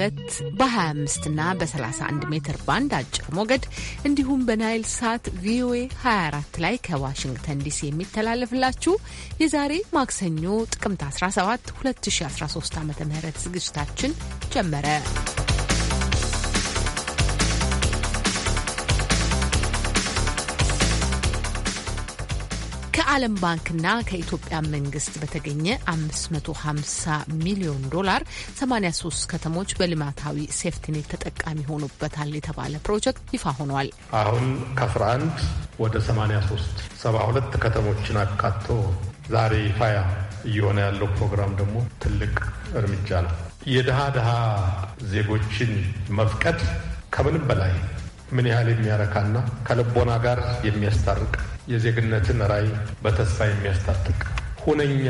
በ በ25 እና በ31 ሜትር ባንድ አጭር ሞገድ እንዲሁም በናይል ሳት ቪኦኤ 24 ላይ ከዋሽንግተን ዲሲ የሚተላለፍላችሁ የዛሬ ማክሰኞ ጥቅምት 17 2013 ዓ ም ዝግጅታችን ጀመረ። ከዓለም ባንክና ከኢትዮጵያ መንግስት በተገኘ 550 ሚሊዮን ዶላር 83 ከተሞች በልማታዊ ሴፍቲኔት ተጠቃሚ ሆኑበታል የተባለ ፕሮጀክት ይፋ ሆኗል። አሁን ከ11 ወደ 83 72 ከተሞችን አካቶ ዛሬ ይፋ እየሆነ ያለው ፕሮግራም ደግሞ ትልቅ እርምጃ ነው። የድሃ ድሃ ዜጎችን መፍቀድ ከምንም በላይ ምን ያህል የሚያረካና ከልቦና ጋር የሚያስታርቅ የዜግነትን ራዕይ በተስፋ የሚያስታጥቅ ሁነኛ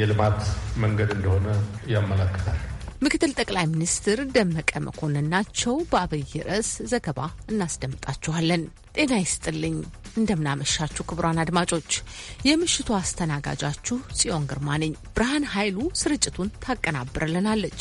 የልማት መንገድ እንደሆነ ያመለክታል። ምክትል ጠቅላይ ሚኒስትር ደመቀ መኮንን ናቸው። በአብይ ርዕስ ዘገባ እናስደምጣችኋለን። ጤና ይስጥልኝ። እንደምናመሻችሁ ክቡራን አድማጮች፣ የምሽቱ አስተናጋጃችሁ ጽዮን ግርማ ነኝ። ብርሃን ኃይሉ ስርጭቱን ታቀናብርልናለች።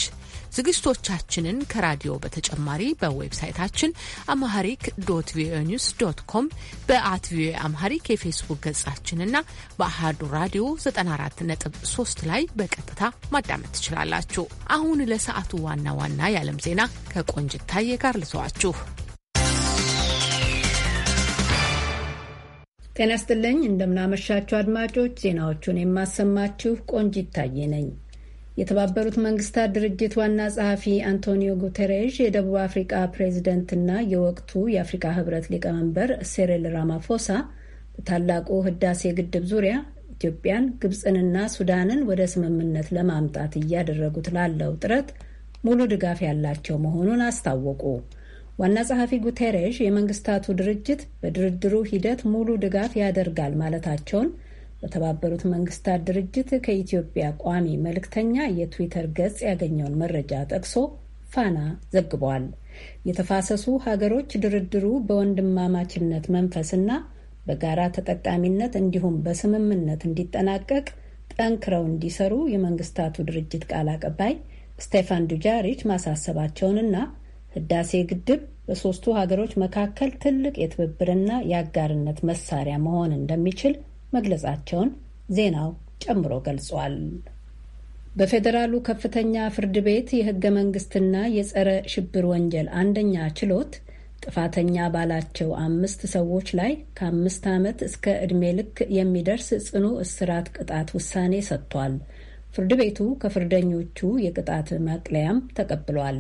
ዝግጅቶቻችንን ከራዲዮ በተጨማሪ በዌብሳይታችን አማሐሪክ ዶት ቪኦኤ ኒውስ ዶት ኮም በአት ቪኦኤ አምሃሪክ የፌስቡክ ገጻችንና በአህዱ ራዲዮ 94.3 ላይ በቀጥታ ማዳመጥ ትችላላችሁ። አሁን ለሰዓቱ ዋና ዋና የዓለም ዜና ከቆንጅት ታዬ ጋር ልሰዋችሁ ጤና እንደምናመሻችሁ አድማጮች፣ ዜናዎቹን የማሰማችሁ ቆንጅ ታዬ ነኝ። የተባበሩት መንግስታት ድርጅት ዋና ጸሐፊ አንቶኒዮ ጉተሬዥ የደቡብ አፍሪቃ ፕሬዚደንትና የወቅቱ የአፍሪካ ህብረት ሊቀመንበር ሴሬል ራማፎሳ በታላቁ ህዳሴ ግድብ ዙሪያ ኢትዮጵያን፣ ግብፅንና ሱዳንን ወደ ስምምነት ለማምጣት እያደረጉት ላለው ጥረት ሙሉ ድጋፍ ያላቸው መሆኑን አስታወቁ። ዋና ጸሐፊ ጉተሬዥ የመንግስታቱ ድርጅት በድርድሩ ሂደት ሙሉ ድጋፍ ያደርጋል ማለታቸውን በተባበሩት መንግስታት ድርጅት ከኢትዮጵያ ቋሚ መልእክተኛ የትዊተር ገጽ ያገኘውን መረጃ ጠቅሶ ፋና ዘግቧል። የተፋሰሱ ሀገሮች ድርድሩ በወንድማማችነት መንፈስና በጋራ ተጠቃሚነት እንዲሁም በስምምነት እንዲጠናቀቅ ጠንክረው እንዲሰሩ የመንግስታቱ ድርጅት ቃል አቀባይ ስቴፋን ዱጃሪች ማሳሰባቸውንና ህዳሴ ግድብ በሶስቱ ሀገሮች መካከል ትልቅ የትብብርና የአጋርነት መሳሪያ መሆን እንደሚችል መግለጻቸውን ዜናው ጨምሮ ገልጿል። በፌዴራሉ ከፍተኛ ፍርድ ቤት የህገ መንግስትና የጸረ ሽብር ወንጀል አንደኛ ችሎት ጥፋተኛ ባላቸው አምስት ሰዎች ላይ ከአምስት ዓመት እስከ ዕድሜ ልክ የሚደርስ ጽኑ እስራት ቅጣት ውሳኔ ሰጥቷል። ፍርድ ቤቱ ከፍርደኞቹ የቅጣት መቅለያም ተቀብሏል።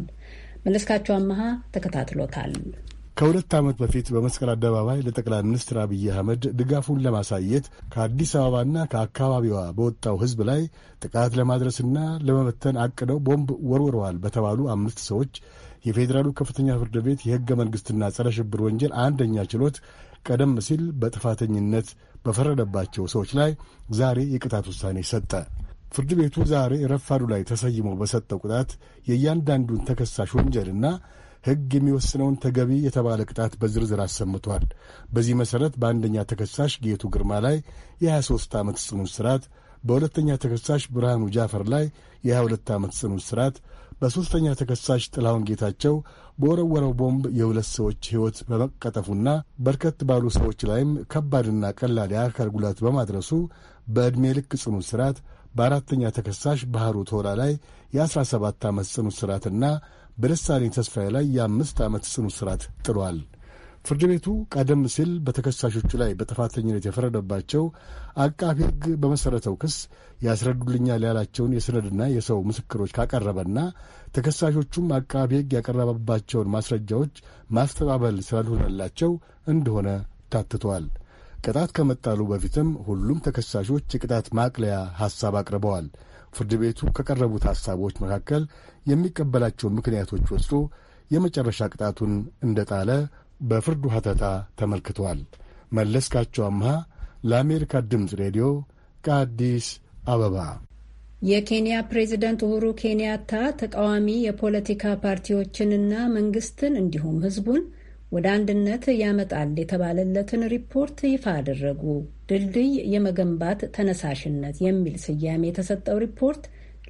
መለስካቸው አመሃ ተከታትሎታል። ከሁለት ዓመት በፊት በመስቀል አደባባይ ለጠቅላይ ሚኒስትር አብይ አህመድ ድጋፉን ለማሳየት ከአዲስ አበባና ከአካባቢዋ በወጣው ሕዝብ ላይ ጥቃት ለማድረስና ለመበተን አቅደው ቦምብ ወርውረዋል በተባሉ አምስት ሰዎች የፌዴራሉ ከፍተኛ ፍርድ ቤት የሕገ መንግሥትና ጸረ ሽብር ወንጀል አንደኛ ችሎት ቀደም ሲል በጥፋተኝነት በፈረደባቸው ሰዎች ላይ ዛሬ የቅጣት ውሳኔ ሰጠ። ፍርድ ቤቱ ዛሬ ረፋዱ ላይ ተሰይሞ በሰጠው ቅጣት የእያንዳንዱን ተከሳሽ ወንጀልና ሕግ የሚወስነውን ተገቢ የተባለ ቅጣት በዝርዝር አሰምቷል። በዚህ መሠረት በአንደኛ ተከሳሽ ጌቱ ግርማ ላይ የ23 ዓመት ጽኑ እስራት፣ በሁለተኛ ተከሳሽ ብርሃኑ ጃፈር ላይ የ22 ዓመት ጽኑ እስራት፣ በሦስተኛ ተከሳሽ ጥላሁን ጌታቸው በወረወረው ቦምብ የሁለት ሰዎች ሕይወት በመቀጠፉና በርከት ባሉ ሰዎች ላይም ከባድና ቀላል የአካል ጉዳት በማድረሱ በዕድሜ ልክ ጽኑ እስራት በአራተኛ ተከሳሽ ባህሩ ቶላ ላይ የ17 ዓመት ጽኑ እስራትና በልሳኔ ተስፋዬ ላይ የአምስት ዓመት ጽኑ እስራት ጥሏል። ፍርድ ቤቱ ቀደም ሲል በተከሳሾቹ ላይ በጥፋተኝነት የፈረደባቸው አቃፊ ሕግ በመሠረተው ክስ ያስረዱልኛል ያላቸውን የሰነድና የሰው ምስክሮች ካቀረበና ተከሳሾቹም አቃቢ ሕግ ያቀረበባቸውን ማስረጃዎች ማስተባበል ስላልሆነላቸው እንደሆነ ታትቷል። ቅጣት ከመጣሉ በፊትም ሁሉም ተከሳሾች የቅጣት ማቅለያ ሐሳብ አቅርበዋል። ፍርድ ቤቱ ከቀረቡት ሐሳቦች መካከል የሚቀበላቸውን ምክንያቶች ወስዶ የመጨረሻ ቅጣቱን እንደጣለ በፍርዱ ሐተታ ተመልክተዋል። መለስካቸው አምሃ ለአሜሪካ ድምፅ ሬዲዮ ከአዲስ አበባ። የኬንያ ፕሬዚደንት ኡሁሩ ኬንያታ ተቃዋሚ የፖለቲካ ፓርቲዎችንና መንግስትን እንዲሁም ህዝቡን ወደ አንድነት ያመጣል የተባለለትን ሪፖርት ይፋ አደረጉ። ድልድይ የመገንባት ተነሳሽነት የሚል ስያሜ የተሰጠው ሪፖርት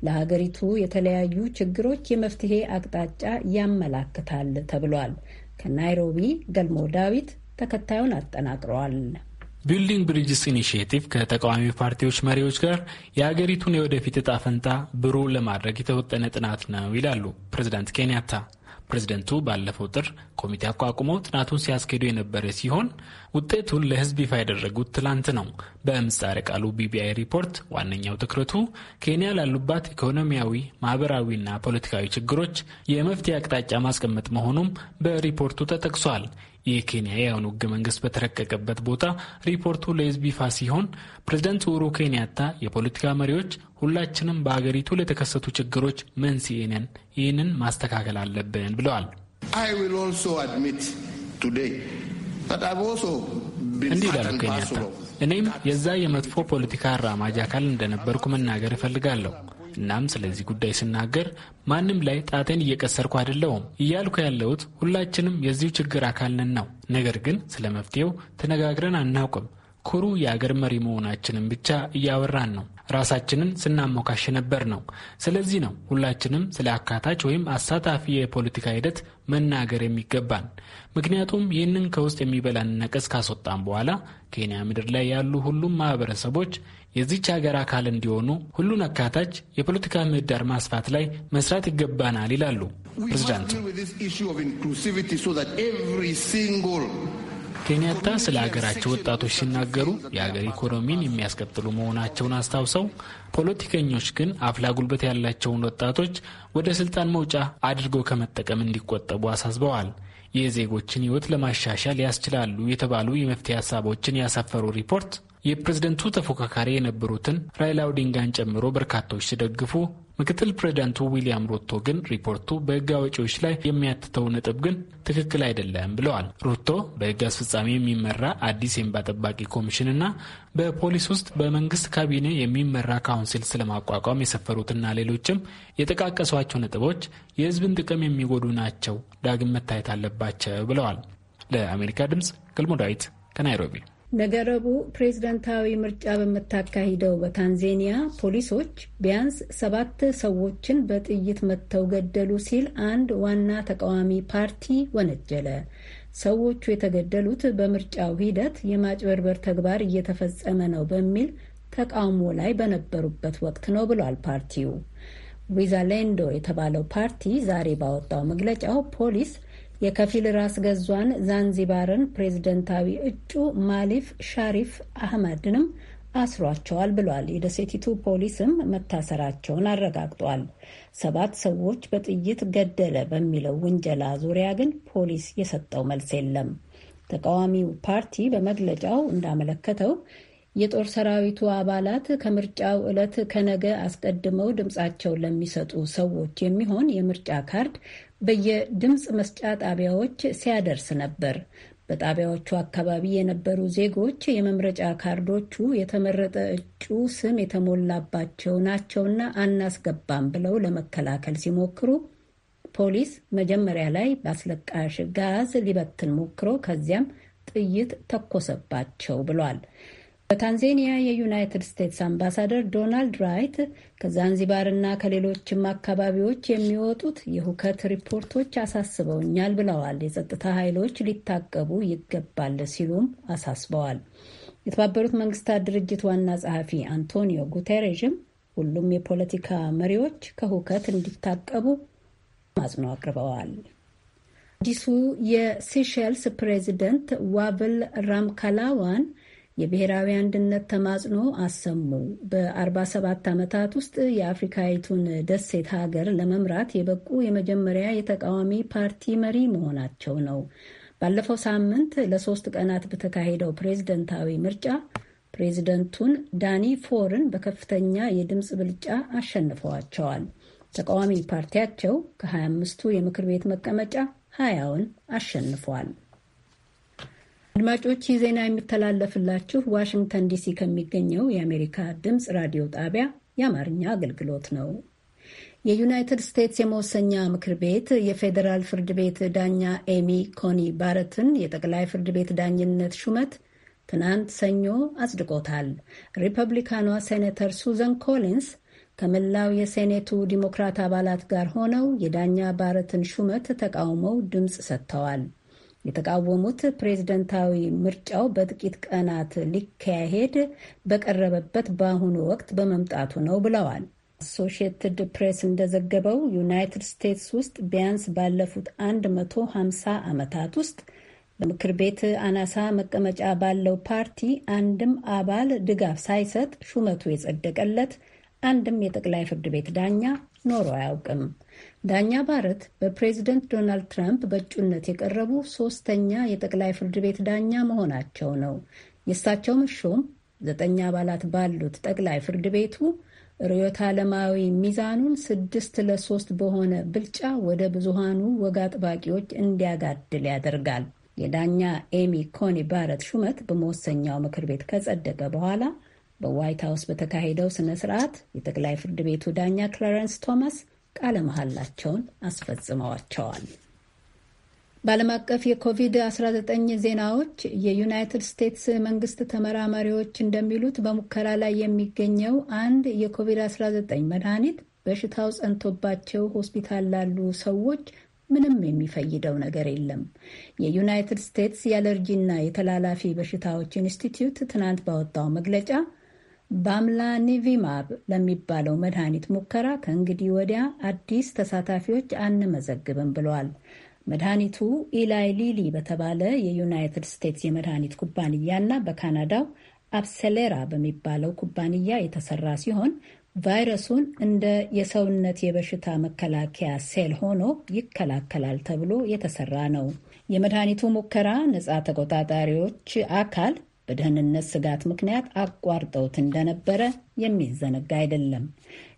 ለሀገሪቱ የተለያዩ ችግሮች የመፍትሄ አቅጣጫ ያመላክታል ተብሏል። ከናይሮቢ ገልሞ ዳዊት ተከታዩን አጠናቅረዋል። ቢልዲንግ ብሪጅስ ኢኒሽቲቭ ከተቃዋሚ ፓርቲዎች መሪዎች ጋር የሀገሪቱን የወደፊት እጣ ፈንታ ብሩህ ለማድረግ የተወጠነ ጥናት ነው ይላሉ ፕሬዚዳንት ኬንያታ። ፕሬዝደንቱ ባለፈው ጥር ኮሚቴ አቋቁሞ ጥናቱን ሲያስኬዱ የነበረ ሲሆን ውጤቱን ለሕዝብ ይፋ ያደረጉት ትላንት ነው። በምህጻረ ቃሉ ቢቢአይ ሪፖርት ዋነኛው ትኩረቱ ኬንያ ላሉባት ኢኮኖሚያዊ፣ ማህበራዊና ፖለቲካዊ ችግሮች የመፍትሄ አቅጣጫ ማስቀመጥ መሆኑም በሪፖርቱ ተጠቅሷል። የኬንያ የአሁኑ ህገ መንግስት በተረቀቀበት ቦታ ሪፖርቱ ለህዝብ ይፋ ሲሆን ፕሬዝደንት ኡሁሩ ኬንያታ የፖለቲካ መሪዎች ሁላችንም በአገሪቱ ለተከሰቱ ችግሮች መንስኤ ነን፣ ይህንን ማስተካከል አለብን ብለዋል። እንዲህ ይላሉ ኬንያታ፣ እኔም የዛ የመጥፎ ፖለቲካ አራማጅ አካል እንደነበርኩ መናገር እፈልጋለሁ። እናም ስለዚህ ጉዳይ ስናገር ማንም ላይ ጣቴን እየቀሰርኩ አይደለውም እያልኩ ያለሁት ሁላችንም የዚሁ ችግር አካል ነን ነው። ነገር ግን ስለ መፍትሄው ተነጋግረን አናውቅም። ኩሩ የአገር መሪ መሆናችንን ብቻ እያወራን ነው። ራሳችንን ስናሞካሽ ነበር ነው። ስለዚህ ነው ሁላችንም ስለ አካታች ወይም አሳታፊ የፖለቲካ ሂደት መናገር የሚገባን። ምክንያቱም ይህንን ከውስጥ የሚበላን ነቀስ ካስወጣን በኋላ ኬንያ ምድር ላይ ያሉ ሁሉም ማህበረሰቦች የዚች ሀገር አካል እንዲሆኑ ሁሉን አካታች የፖለቲካ ምህዳር ማስፋት ላይ መስራት ይገባናል ይላሉ ፕሬዚዳንቱ። ኬንያታ ስለ ሀገራቸው ወጣቶች ሲናገሩ የሀገር ኢኮኖሚን የሚያስቀጥሉ መሆናቸውን አስታውሰው ፖለቲከኞች ግን አፍላ ጉልበት ያላቸውን ወጣቶች ወደ ስልጣን መውጫ አድርገው ከመጠቀም እንዲቆጠቡ አሳስበዋል። የዜጎችን ሕይወት ለማሻሻል ያስችላሉ የተባሉ የመፍትሄ ሀሳቦችን ያሰፈሩ ሪፖርት የፕሬዝደንቱ ተፎካካሪ የነበሩትን ራይላ ኦዲንጋን ጨምሮ በርካታዎች ሲደግፉ ምክትል ፕሬዚዳንቱ ዊሊያም ሩቶ ግን ሪፖርቱ በሕግ አውጪዎች ላይ የሚያትተው ነጥብ ግን ትክክል አይደለም ብለዋል። ሩቶ በሕግ አስፈጻሚ የሚመራ አዲስ የእንባ ጠባቂ ኮሚሽንና በፖሊስ ውስጥ በመንግስት ካቢኔ የሚመራ ካውንስል ስለማቋቋም የሰፈሩትና ሌሎችም የጠቃቀሷቸው ነጥቦች የሕዝብን ጥቅም የሚጎዱ ናቸው፣ ዳግም መታየት አለባቸው ብለዋል። ለአሜሪካ ድምፅ ገልሞ ዳዊት ከናይሮቢ ነገ ረቡዕ ፕሬዝደንታዊ ምርጫ በምታካሂደው በታንዜኒያ ፖሊሶች ቢያንስ ሰባት ሰዎችን በጥይት መትተው ገደሉ ሲል አንድ ዋና ተቃዋሚ ፓርቲ ወነጀለ። ሰዎቹ የተገደሉት በምርጫው ሂደት የማጭበርበር ተግባር እየተፈጸመ ነው በሚል ተቃውሞ ላይ በነበሩበት ወቅት ነው ብሏል ፓርቲው። ዊዛሌንዶ የተባለው ፓርቲ ዛሬ ባወጣው መግለጫው ፖሊስ የከፊል ራስ ገዟን ዛንዚባርን ፕሬዝደንታዊ እጩ ማሊፍ ሻሪፍ አህመድንም አስሯቸዋል ብሏል። የደሴቲቱ ፖሊስም መታሰራቸውን አረጋግጧል። ሰባት ሰዎች በጥይት ገደለ በሚለው ውንጀላ ዙሪያ ግን ፖሊስ የሰጠው መልስ የለም። ተቃዋሚው ፓርቲ በመግለጫው እንዳመለከተው የጦር ሰራዊቱ አባላት ከምርጫው ዕለት ከነገ አስቀድመው ድምፃቸውን ለሚሰጡ ሰዎች የሚሆን የምርጫ ካርድ በየድምፅ መስጫ ጣቢያዎች ሲያደርስ ነበር። በጣቢያዎቹ አካባቢ የነበሩ ዜጎች የመምረጫ ካርዶቹ የተመረጠ እጩ ስም የተሞላባቸው ናቸውና አናስገባም ብለው ለመከላከል ሲሞክሩ ፖሊስ መጀመሪያ ላይ በአስለቃሽ ጋዝ ሊበትን ሞክሮ ከዚያም ጥይት ተኮሰባቸው ብሏል። በታንዜኒያ የዩናይትድ ስቴትስ አምባሳደር ዶናልድ ራይት ከዛንዚባርና ከሌሎችም አካባቢዎች የሚወጡት የሁከት ሪፖርቶች አሳስበውኛል ብለዋል። የጸጥታ ኃይሎች ሊታቀቡ ይገባል ሲሉም አሳስበዋል። የተባበሩት መንግስታት ድርጅት ዋና ጸሐፊ አንቶኒዮ ጉቴሬዥም ሁሉም የፖለቲካ መሪዎች ከሁከት እንዲታቀቡ ማጽኖ አቅርበዋል። አዲሱ የሴሸልስ ፕሬዚደንት ዋብል ራምካላዋን የብሔራዊ አንድነት ተማጽኖ አሰሙ። በ47 ዓመታት ውስጥ የአፍሪካዊቱን ደሴት ሀገር ለመምራት የበቁ የመጀመሪያ የተቃዋሚ ፓርቲ መሪ መሆናቸው ነው። ባለፈው ሳምንት ለሶስት ቀናት በተካሄደው ፕሬዝደንታዊ ምርጫ ፕሬዝደንቱን ዳኒ ፎርን በከፍተኛ የድምፅ ብልጫ አሸንፈዋቸዋል። ተቃዋሚ ፓርቲያቸው ከ25ቱ የምክር ቤት መቀመጫ ሀያውን አሸንፏል። አድማጮች ይህ ዜና የሚተላለፍላችሁ ዋሽንግተን ዲሲ ከሚገኘው የአሜሪካ ድምፅ ራዲዮ ጣቢያ የአማርኛ አገልግሎት ነው። የዩናይትድ ስቴትስ የመወሰኛ ምክር ቤት የፌዴራል ፍርድ ቤት ዳኛ ኤሚ ኮኒ ባረትን የጠቅላይ ፍርድ ቤት ዳኝነት ሹመት ትናንት ሰኞ አጽድቆታል። ሪፐብሊካኗ ሴኔተር ሱዘን ኮሊንስ ከመላው የሴኔቱ ዲሞክራት አባላት ጋር ሆነው የዳኛ ባረትን ሹመት ተቃውመው ድምፅ ሰጥተዋል። የተቃወሙት ፕሬዝደንታዊ ምርጫው በጥቂት ቀናት ሊካሄድ በቀረበበት በአሁኑ ወቅት በመምጣቱ ነው ብለዋል። አሶሽየትድ ፕሬስ እንደዘገበው ዩናይትድ ስቴትስ ውስጥ ቢያንስ ባለፉት 150 ዓመታት ውስጥ በምክር ቤት አናሳ መቀመጫ ባለው ፓርቲ አንድም አባል ድጋፍ ሳይሰጥ ሹመቱ የጸደቀለት አንድም የጠቅላይ ፍርድ ቤት ዳኛ ኖሮ አያውቅም። ዳኛ ባረት በፕሬዝደንት ዶናልድ ትራምፕ በእጩነት የቀረቡ ሶስተኛ የጠቅላይ ፍርድ ቤት ዳኛ መሆናቸው ነው። የእሳቸው መሾም ዘጠኝ አባላት ባሉት ጠቅላይ ፍርድ ቤቱ ርዕዮተ ዓለማዊ ሚዛኑን ስድስት ለሶስት በሆነ ብልጫ ወደ ብዙሃኑ ወግ አጥባቂዎች እንዲያጋድል ያደርጋል። የዳኛ ኤሚ ኮኒ ባረት ሹመት በመወሰኛው ምክር ቤት ከጸደቀ በኋላ በዋይት ሀውስ በተካሄደው ስነ ስርዓት የጠቅላይ ፍርድ ቤቱ ዳኛ ክላረንስ ቶማስ ቃለ መሐላቸውን አስፈጽመዋቸዋል። በዓለም አቀፍ የኮቪድ-19 ዜናዎች የዩናይትድ ስቴትስ መንግስት ተመራማሪዎች እንደሚሉት በሙከራ ላይ የሚገኘው አንድ የኮቪድ-19 መድኃኒት በሽታው ጸንቶባቸው ሆስፒታል ላሉ ሰዎች ምንም የሚፈይደው ነገር የለም። የዩናይትድ ስቴትስ የአለርጂና የተላላፊ በሽታዎች ኢንስቲትዩት ትናንት ባወጣው መግለጫ ባምላ ኒቪማብ ለሚባለው መድኃኒት ሙከራ ከእንግዲህ ወዲያ አዲስ ተሳታፊዎች አንመዘግብም ብሏል። መድኃኒቱ ኢላይ ሊሊ በተባለ የዩናይትድ ስቴትስ የመድኃኒት ኩባንያና በካናዳው አብሰሌራ በሚባለው ኩባንያ የተሰራ ሲሆን ቫይረሱን እንደ የሰውነት የበሽታ መከላከያ ሴል ሆኖ ይከላከላል ተብሎ የተሰራ ነው። የመድኃኒቱ ሙከራ ነጻ ተቆጣጣሪዎች አካል በደህንነት ስጋት ምክንያት አቋርጠውት እንደነበረ የሚዘነጋ አይደለም።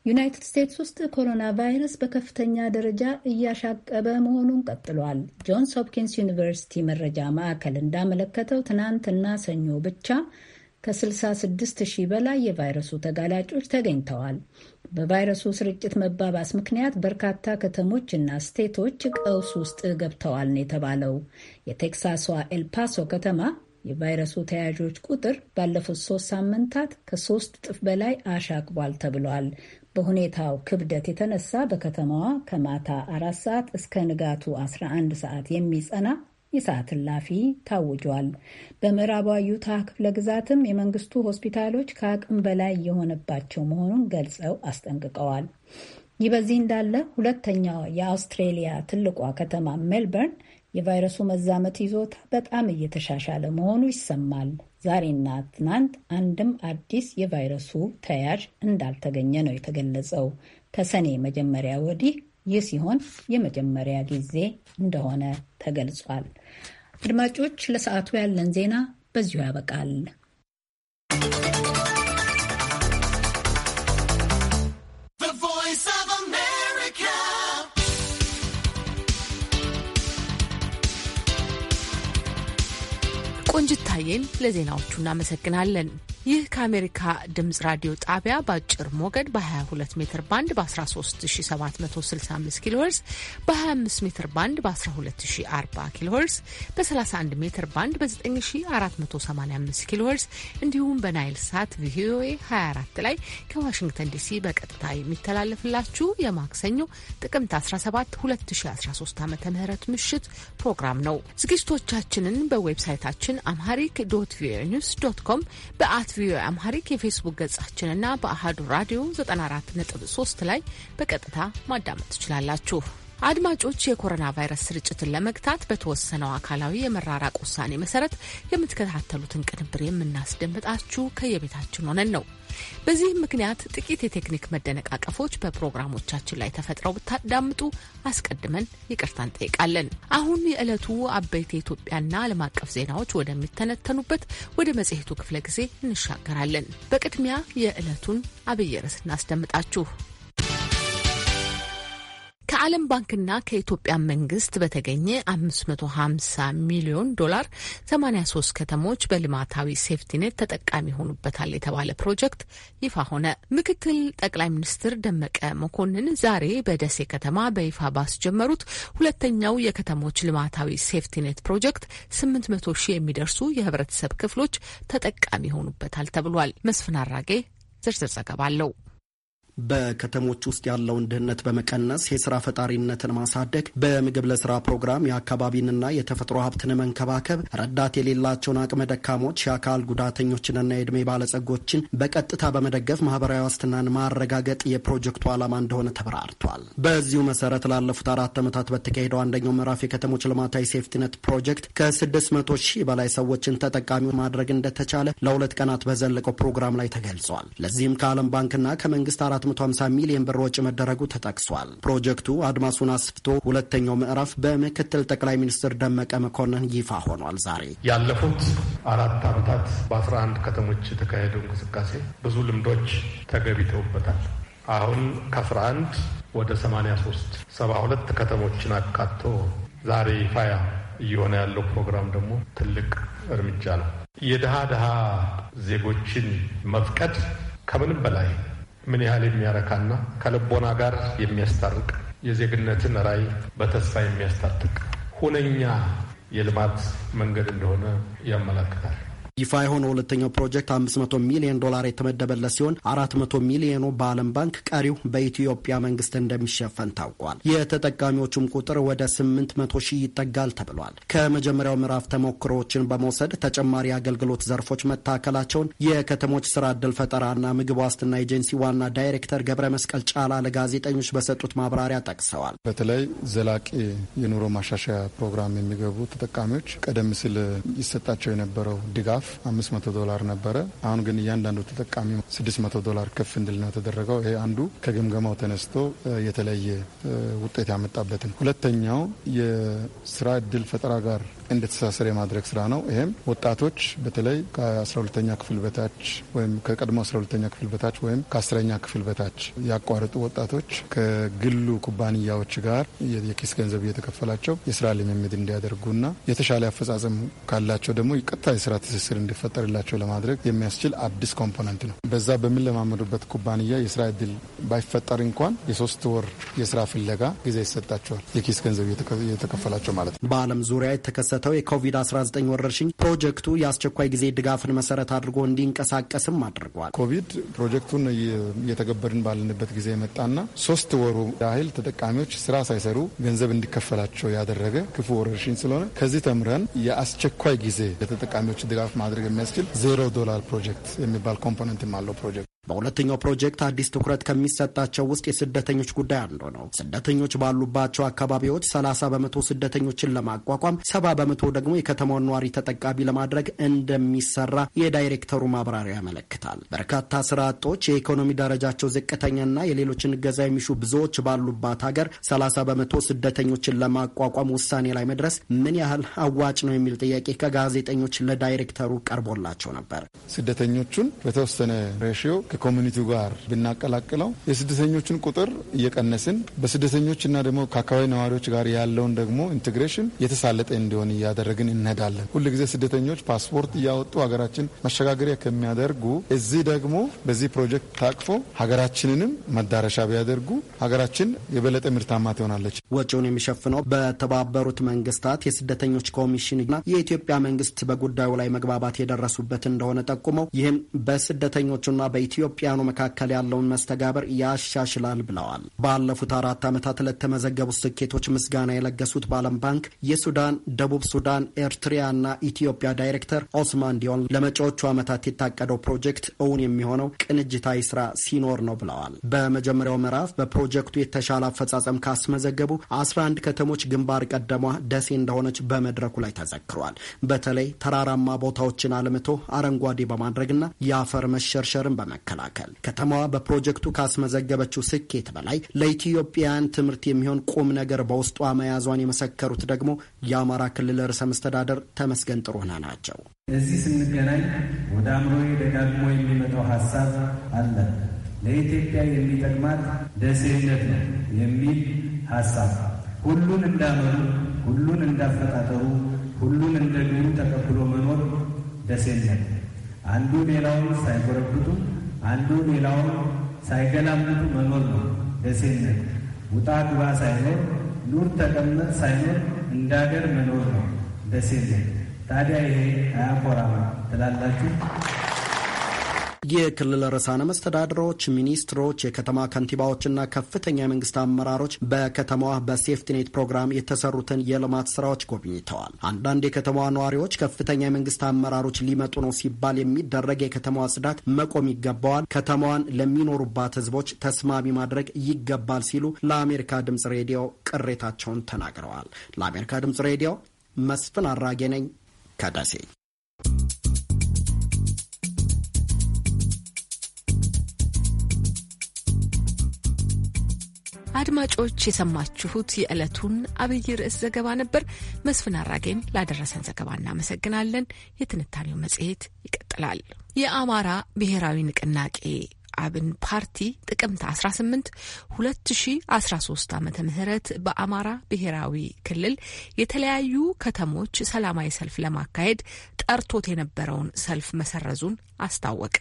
ዩናይትድ ስቴትስ ውስጥ ኮሮና ቫይረስ በከፍተኛ ደረጃ እያሻቀበ መሆኑን ቀጥሏል። ጆንስ ሆፕኪንስ ዩኒቨርሲቲ መረጃ ማዕከል እንዳመለከተው ትናንትና ሰኞ ብቻ ከ66 ሺህ በላይ የቫይረሱ ተጋላጮች ተገኝተዋል። በቫይረሱ ስርጭት መባባስ ምክንያት በርካታ ከተሞች እና ስቴቶች ቀውስ ውስጥ ገብተዋል ነው የተባለው። የቴክሳሷ ኤልፓሶ ከተማ የቫይረሱ ተያዦች ቁጥር ባለፉት ሶስት ሳምንታት ከሶስት እጥፍ በላይ አሻቅቧል ተብሏል። በሁኔታው ክብደት የተነሳ በከተማዋ ከማታ አራት ሰዓት እስከ ንጋቱ 11 ሰዓት የሚጸና የሰዓት እላፊ ታውጇል። በምዕራቧ ዩታ ክፍለ ግዛትም የመንግስቱ ሆስፒታሎች ከአቅም በላይ የሆነባቸው መሆኑን ገልጸው አስጠንቅቀዋል። ይህ በዚህ እንዳለ ሁለተኛው የአውስትሬሊያ ትልቋ ከተማ ሜልበርን የቫይረሱ መዛመት ይዞታ በጣም እየተሻሻለ መሆኑ ይሰማል። ዛሬና ትናንት አንድም አዲስ የቫይረሱ ተያዥ እንዳልተገኘ ነው የተገለጸው። ከሰኔ መጀመሪያ ወዲህ ይህ ሲሆን የመጀመሪያ ጊዜ እንደሆነ ተገልጿል። አድማጮች፣ ለሰዓቱ ያለን ዜና በዚሁ ያበቃል። ታዬን ለዜናዎቹ እናመሰግናለን። ይህ ከአሜሪካ ድምጽ ራዲዮ ጣቢያ በአጭር ሞገድ በ22 ሜትር ባንድ በ13765 ኪሎ ሄርዝ፣ በ25 ሜትር ባንድ በ1240 ኪሎ ሄርዝ፣ በ31 ሜትር ባንድ በ9485 ኪሎ ሄርዝ እንዲሁም በናይል ሳት ቪኦኤ 24 ላይ ከዋሽንግተን ዲሲ በቀጥታ የሚተላለፍላችሁ የማክሰኞ ጥቅምት 17 2013 ዓ ም ምሽት ፕሮግራም ነው። ዝግጅቶቻችንን በዌብሳይታችን አምሃሪክ ዶት ቪኦኤ ኒውስ ዶት ኮም በአት ቪኦኤ አምሃሪክ የፌስቡክ ገጻችንና በአሃዱ ራዲዮ 94.3 ላይ በቀጥታ ማዳመጥ ትችላላችሁ። አድማጮች የኮሮና ቫይረስ ስርጭትን ለመግታት በተወሰነው አካላዊ የመራራቅ ውሳኔ መሰረት የምትከታተሉትን ቅንብር የምናስደምጣችሁ ከየቤታችን ሆነን ነው። በዚህም ምክንያት ጥቂት የቴክኒክ መደነቃቀፎች በፕሮግራሞቻችን ላይ ተፈጥረው ብታዳምጡ አስቀድመን ይቅርታ እንጠይቃለን። አሁን የዕለቱ አበይት የኢትዮጵያና ዓለም አቀፍ ዜናዎች ወደሚተነተኑበት ወደ መጽሔቱ ክፍለ ጊዜ እንሻገራለን። በቅድሚያ የዕለቱን አብይ ርዕስ እናስደምጣችሁ። ከዓለም ባንክና ከኢትዮጵያ መንግስት በተገኘ 550 ሚሊዮን ዶላር 83 ከተሞች በልማታዊ ሴፍቲኔት ተጠቃሚ ሆኑበታል የተባለ ፕሮጀክት ይፋ ሆነ። ምክትል ጠቅላይ ሚኒስትር ደመቀ መኮንን ዛሬ በደሴ ከተማ በይፋ ባስጀመሩት ሁለተኛው የከተሞች ልማታዊ ሴፍቲኔት ፕሮጀክት 800 ሺህ የሚደርሱ የህብረተሰብ ክፍሎች ተጠቃሚ ሆኑበታል ተብሏል። መስፍን አራጌ ዝርዝር ዘገባ አለው። በከተሞች ውስጥ ያለውን ድህነት በመቀነስ የስራ ፈጣሪነትን ማሳደግ፣ በምግብ ለስራ ፕሮግራም የአካባቢንና የተፈጥሮ ሀብትን መንከባከብ፣ ረዳት የሌላቸውን አቅመ ደካሞች፣ የአካል ጉዳተኞችንና የዕድሜ ባለጸጎችን በቀጥታ በመደገፍ ማህበራዊ ዋስትናን ማረጋገጥ የፕሮጀክቱ ዓላማ እንደሆነ ተብራርቷል። በዚሁ መሰረት ላለፉት አራት ዓመታት በተካሄደው አንደኛው ምዕራፍ የከተሞች ልማታዊ ሴፍቲነት ፕሮጀክት ከ600 ሺህ በላይ ሰዎችን ተጠቃሚ ማድረግ እንደተቻለ ለሁለት ቀናት በዘለቀው ፕሮግራም ላይ ተገልጿል። ለዚህም ከዓለም ባንክና ከመንግስት አራት 450 ሚሊዮን ብር ወጪ መደረጉ ተጠቅሷል። ፕሮጀክቱ አድማሱን አስፍቶ ሁለተኛው ምዕራፍ በምክትል ጠቅላይ ሚኒስትር ደመቀ መኮንን ይፋ ሆኗል። ዛሬ ያለፉት አራት ዓመታት በ11 ከተሞች የተካሄደው እንቅስቃሴ ብዙ ልምዶች ተገቢተውበታል። አሁን ከ11 ወደ 83 72 ከተሞችን አካቶ ዛሬ ይፋ እየሆነ ያለው ፕሮግራም ደግሞ ትልቅ እርምጃ ነው። የድሃ ድሃ ዜጎችን መፍቀድ ከምንም በላይ ምን ያህል የሚያረካና ከልቦና ጋር የሚያስታርቅ የዜግነትን ራዕይ በተስፋ የሚያስታጥቅ ሁነኛ የልማት መንገድ እንደሆነ ያመላክታል። ይፋ የሆነ ሁለተኛው ፕሮጀክት 500 ሚሊዮን ዶላር የተመደበለት ሲሆን 400 ሚሊዮኑ በዓለም ባንክ ቀሪው በኢትዮጵያ መንግስት እንደሚሸፈን ታውቋል። የተጠቃሚዎቹም ቁጥር ወደ 800 ሺህ ይጠጋል ተብሏል። ከመጀመሪያው ምዕራፍ ተሞክሮዎችን በመውሰድ ተጨማሪ አገልግሎት ዘርፎች መታከላቸውን የከተሞች ስራ ዕድል ፈጠራና ምግብ ዋስትና ኤጀንሲ ዋና ዳይሬክተር ገብረ መስቀል ጫላ ለጋዜጠኞች በሰጡት ማብራሪያ ጠቅሰዋል። በተለይ ዘላቂ የኑሮ ማሻሻያ ፕሮግራም የሚገቡ ተጠቃሚዎች ቀደም ሲል ይሰጣቸው የነበረው ድጋፍ ድጋፍ 500 ዶላር ነበረ። አሁን ግን እያንዳንዱ ተጠቃሚ 600 ዶላር ከፍ እንድል ነው የተደረገው። ይሄ አንዱ ከግምገማው ተነስቶ የተለየ ውጤት ያመጣበትን። ሁለተኛው የስራ እድል ፈጠራ ጋር እንድተሳሰር የማድረግ ስራ ነው። ይህም ወጣቶች በተለይ ከ12ተኛ ክፍል በታች ወይም ከቀድሞ 12ተኛ ክፍል በታች ወይም ከአስረኛ ክፍል በታች ያቋረጡ ወጣቶች ከግሉ ኩባንያዎች ጋር የኪስ ገንዘብ እየተከፈላቸው የስራ ልምምድ እንዲያደርጉና የተሻለ አፈጻጸም ካላቸው ደግሞ ቀጥታ የስራ ትስስር እንዲፈጠርላቸው ለማድረግ የሚያስችል አዲስ ኮምፖነንት ነው። በዛ በሚለማመዱበት ኩባንያ የስራ እድል ባይፈጠር እንኳን የሶስት ወር የስራ ፍለጋ ጊዜ ይሰጣቸዋል። የኪስ ገንዘብ እየተከፈላቸው ማለት ነው። በአለም ዙሪያ የተከሰ ለተከሰተው የኮቪድ-19 ወረርሽኝ ፕሮጀክቱ የአስቸኳይ ጊዜ ድጋፍን መሰረት አድርጎ እንዲንቀሳቀስም አድርጓል። ኮቪድ ፕሮጀክቱን እየተገበርን ባለንበት ጊዜ የመጣና ሶስት ወሩ ያህል ተጠቃሚዎች ስራ ሳይሰሩ ገንዘብ እንዲከፈላቸው ያደረገ ክፉ ወረርሽኝ ስለሆነ ከዚህ ተምረን የአስቸኳይ ጊዜ ለተጠቃሚዎች ድጋፍ ማድረግ የሚያስችል ዜሮ ዶላር ፕሮጀክት የሚባል ኮምፖነንትም አለው ፕሮጀክት በሁለተኛው ፕሮጀክት አዲስ ትኩረት ከሚሰጣቸው ውስጥ የስደተኞች ጉዳይ አንዱ ነው። ስደተኞች ባሉባቸው አካባቢዎች 30 በመቶ ስደተኞችን ለማቋቋም፣ ሰባ በመቶ ደግሞ የከተማውን ነዋሪ ተጠቃሚ ለማድረግ እንደሚሰራ የዳይሬክተሩ ማብራሪያ ያመለክታል። በርካታ ስራ አጦች፣ የኢኮኖሚ ደረጃቸው ዝቅተኛና የሌሎችን እገዛ የሚሹ ብዙዎች ባሉባት ሀገር 30 በመቶ ስደተኞችን ለማቋቋም ውሳኔ ላይ መድረስ ምን ያህል አዋጭ ነው የሚል ጥያቄ ከጋዜጠኞች ለዳይሬክተሩ ቀርቦላቸው ነበር። ስደተኞቹን በተወሰነ ሬሽዮ ከኮሚኒቲው ጋር ብናቀላቅለው የስደተኞችን ቁጥር እየቀነስን በስደተኞችና ደግሞ ከአካባቢ ነዋሪዎች ጋር ያለውን ደግሞ ኢንቴግሬሽን የተሳለጠ እንዲሆን እያደረግን እንሄዳለን። ጊዜ ስደተኞች ፓስፖርት እያወጡ ሀገራችን መሸጋገሪያ ከሚያደርጉ እዚህ ደግሞ በዚህ ፕሮጀክት ታቅፎ ሀገራችንንም መዳረሻ ቢያደርጉ ሀገራችን የበለጠ ምርታማ ትሆናለች። ወጪውን የሚሸፍነው በተባበሩት መንግስታት የስደተኞች ኮሚሽንና የኢትዮጵያ መንግስት በጉዳዩ ላይ መግባባት የደረሱበት እንደሆነ ጠቁመው ይህም በስደተኞቹና በኢትዮ በኢትዮጵያኑ መካከል ያለውን መስተጋበር ያሻሽላል ብለዋል። ባለፉት አራት ዓመታት ለተመዘገቡ ስኬቶች ምስጋና የለገሱት በዓለም ባንክ የሱዳን፣ ደቡብ ሱዳን፣ ኤርትሪያና ኢትዮጵያ ዳይሬክተር ኦስማን ዲዮን ለመጪዎቹ ዓመታት የታቀደው ፕሮጀክት እውን የሚሆነው ቅንጅታዊ ስራ ሲኖር ነው ብለዋል። በመጀመሪያው ምዕራፍ በፕሮጀክቱ የተሻለ አፈጻጸም ካስመዘገቡ 11 ከተሞች ግንባር ቀደሟ ደሴ እንደሆነች በመድረኩ ላይ ተዘክሯል። በተለይ ተራራማ ቦታዎችን አልምቶ አረንጓዴ በማድረግና የአፈር መሸርሸርን በመከ መከላከል ከተማዋ በፕሮጀክቱ ካስመዘገበችው ስኬት በላይ ለኢትዮጵያን ትምህርት የሚሆን ቁም ነገር በውስጧ መያዟን የመሰከሩት ደግሞ የአማራ ክልል ርዕሰ መስተዳደር ተመስገን ጥሩነህ ናቸው። እዚህ ስንገናኝ ወደ አእምሮዬ ደጋግሞ የሚመጣው ሀሳብ አለ። ለኢትዮጵያ የሚጠቅማት ደሴነት ነው የሚል ሀሳብ ሁሉን እንዳመሩ፣ ሁሉን እንዳፈጣጠሩ፣ ሁሉን እንደ ግሩ ተቀብሎ መኖር ደሴነት አንዱ ሌላውን ሳይጎረብቱ አንዱ ሌላውን ሳይገላምጡ መኖር ነው ደሴነት። ውጣ ግባ ሳይኖር ኑር ተቀመጥ ሳይኖር እንዳገር መኖር ነው ደሴነት። ታዲያ ይሄ አያኮራም ትላላችሁ? የክልል ርዕሳነ መስተዳድሮች፣ ሚኒስትሮች፣ የከተማ ከንቲባዎችና ከፍተኛ የመንግስት አመራሮች በከተማዋ በሴፍቲኔት ፕሮግራም የተሰሩትን የልማት ስራዎች ጎብኝተዋል። አንዳንድ የከተማዋ ነዋሪዎች ከፍተኛ የመንግስት አመራሮች ሊመጡ ነው ሲባል የሚደረግ የከተማዋ ጽዳት መቆም ይገባዋል፣ ከተማዋን ለሚኖሩባት ህዝቦች ተስማሚ ማድረግ ይገባል ሲሉ ለአሜሪካ ድምጽ ሬዲዮ ቅሬታቸውን ተናግረዋል። ለአሜሪካ ድምጽ ሬዲዮ መስፍን አራጌ ነኝ ከደሴ አድማጮች የሰማችሁት የዕለቱን አብይ ርዕስ ዘገባ ነበር። መስፍን አራጌን ላደረሰን ዘገባ እናመሰግናለን። የትንታኔው መጽሔት ይቀጥላል። የአማራ ብሔራዊ ንቅናቄ አብን ፓርቲ ጥቅምት 18 2013 ዓ ም በአማራ ብሔራዊ ክልል የተለያዩ ከተሞች ሰላማዊ ሰልፍ ለማካሄድ ጠርቶት የነበረውን ሰልፍ መሰረዙን አስታወቀ።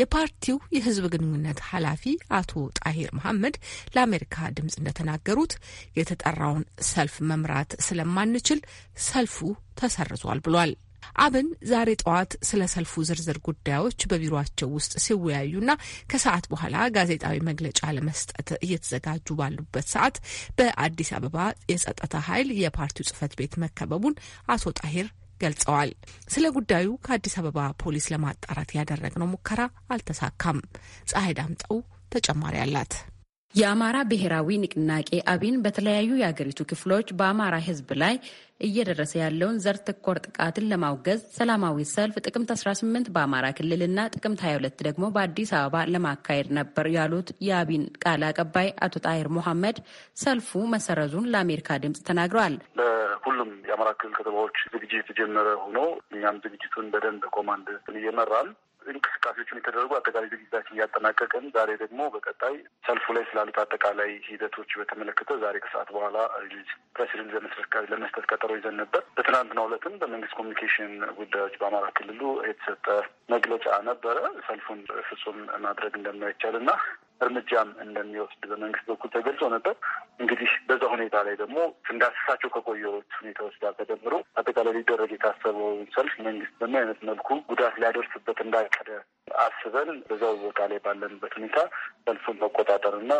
የፓርቲው የህዝብ ግንኙነት ኃላፊ አቶ ጣሂር መሐመድ ለአሜሪካ ድምፅ እንደተናገሩት የተጠራውን ሰልፍ መምራት ስለማንችል ሰልፉ ተሰርዟል ብሏል። አብን ዛሬ ጠዋት ስለ ሰልፉ ዝርዝር ጉዳዮች በቢሮቸው ውስጥ ሲወያዩና ከሰዓት በኋላ ጋዜጣዊ መግለጫ ለመስጠት እየተዘጋጁ ባሉበት ሰዓት በአዲስ አበባ የጸጥታ ኃይል የፓርቲው ጽህፈት ቤት መከበቡን አቶ ጣሂር ገልጸዋል። ስለ ጉዳዩ ከአዲስ አበባ ፖሊስ ለማጣራት ያደረግነው ሙከራ አልተሳካም። ፀሐይ ዳምጠው ተጨማሪ አላት። የአማራ ብሔራዊ ንቅናቄ አብን በተለያዩ የአገሪቱ ክፍሎች በአማራ ሕዝብ ላይ እየደረሰ ያለውን ዘር ተኮር ጥቃትን ለማውገዝ ሰላማዊ ሰልፍ ጥቅምት 18 በአማራ ክልልና ጥቅምት 22 ደግሞ በአዲስ አበባ ለማካሄድ ነበር ያሉት የአቢን ቃል አቀባይ አቶ ጣሄር ሞሐመድ ሰልፉ መሰረዙን ለአሜሪካ ድምጽ ተናግረዋል። በሁሉም የአማራ ክልል ከተማዎች ዝግጅት የተጀመረ ሆኖ እኛም ዝግጅቱን በደንብ ኮማንድ እየመራል እንቅስቃሴዎችን የተደረጉ አጠቃላይ ዝግጅታችን እያጠናቀቅን ዛሬ ደግሞ በቀጣይ ሰልፉ ላይ ስላሉት አጠቃላይ ሂደቶች በተመለከተ ዛሬ ከሰዓት በኋላ ፕሬሲደንት ለመስጠት ቀጠሮ ይዘን ነበር። በትናንትናው ዕለትም በመንግስት ኮሚኒኬሽን ጉዳዮች በአማራ ክልሉ የተሰጠ መግለጫ ነበረ። ሰልፉን ፍጹም ማድረግ እንደማይቻል እና እርምጃም እንደሚወስድ በመንግስት በኩል ተገልጾ ነበር። እንግዲህ በዛ ሁኔታ ላይ ደግሞ እንዳስሳቸው ከቆየሮች ሁኔታዎች ጋር ተደምሮ አጠቃላይ ሊደረግ የታሰበው ሰልፍ መንግስት በምን አይነት መልኩ ጉዳት ሊያደርስበት እንዳቀደ አስበን በዛው ቦታ ላይ ባለንበት ሁኔታ ሰልፉን መቆጣጠር እና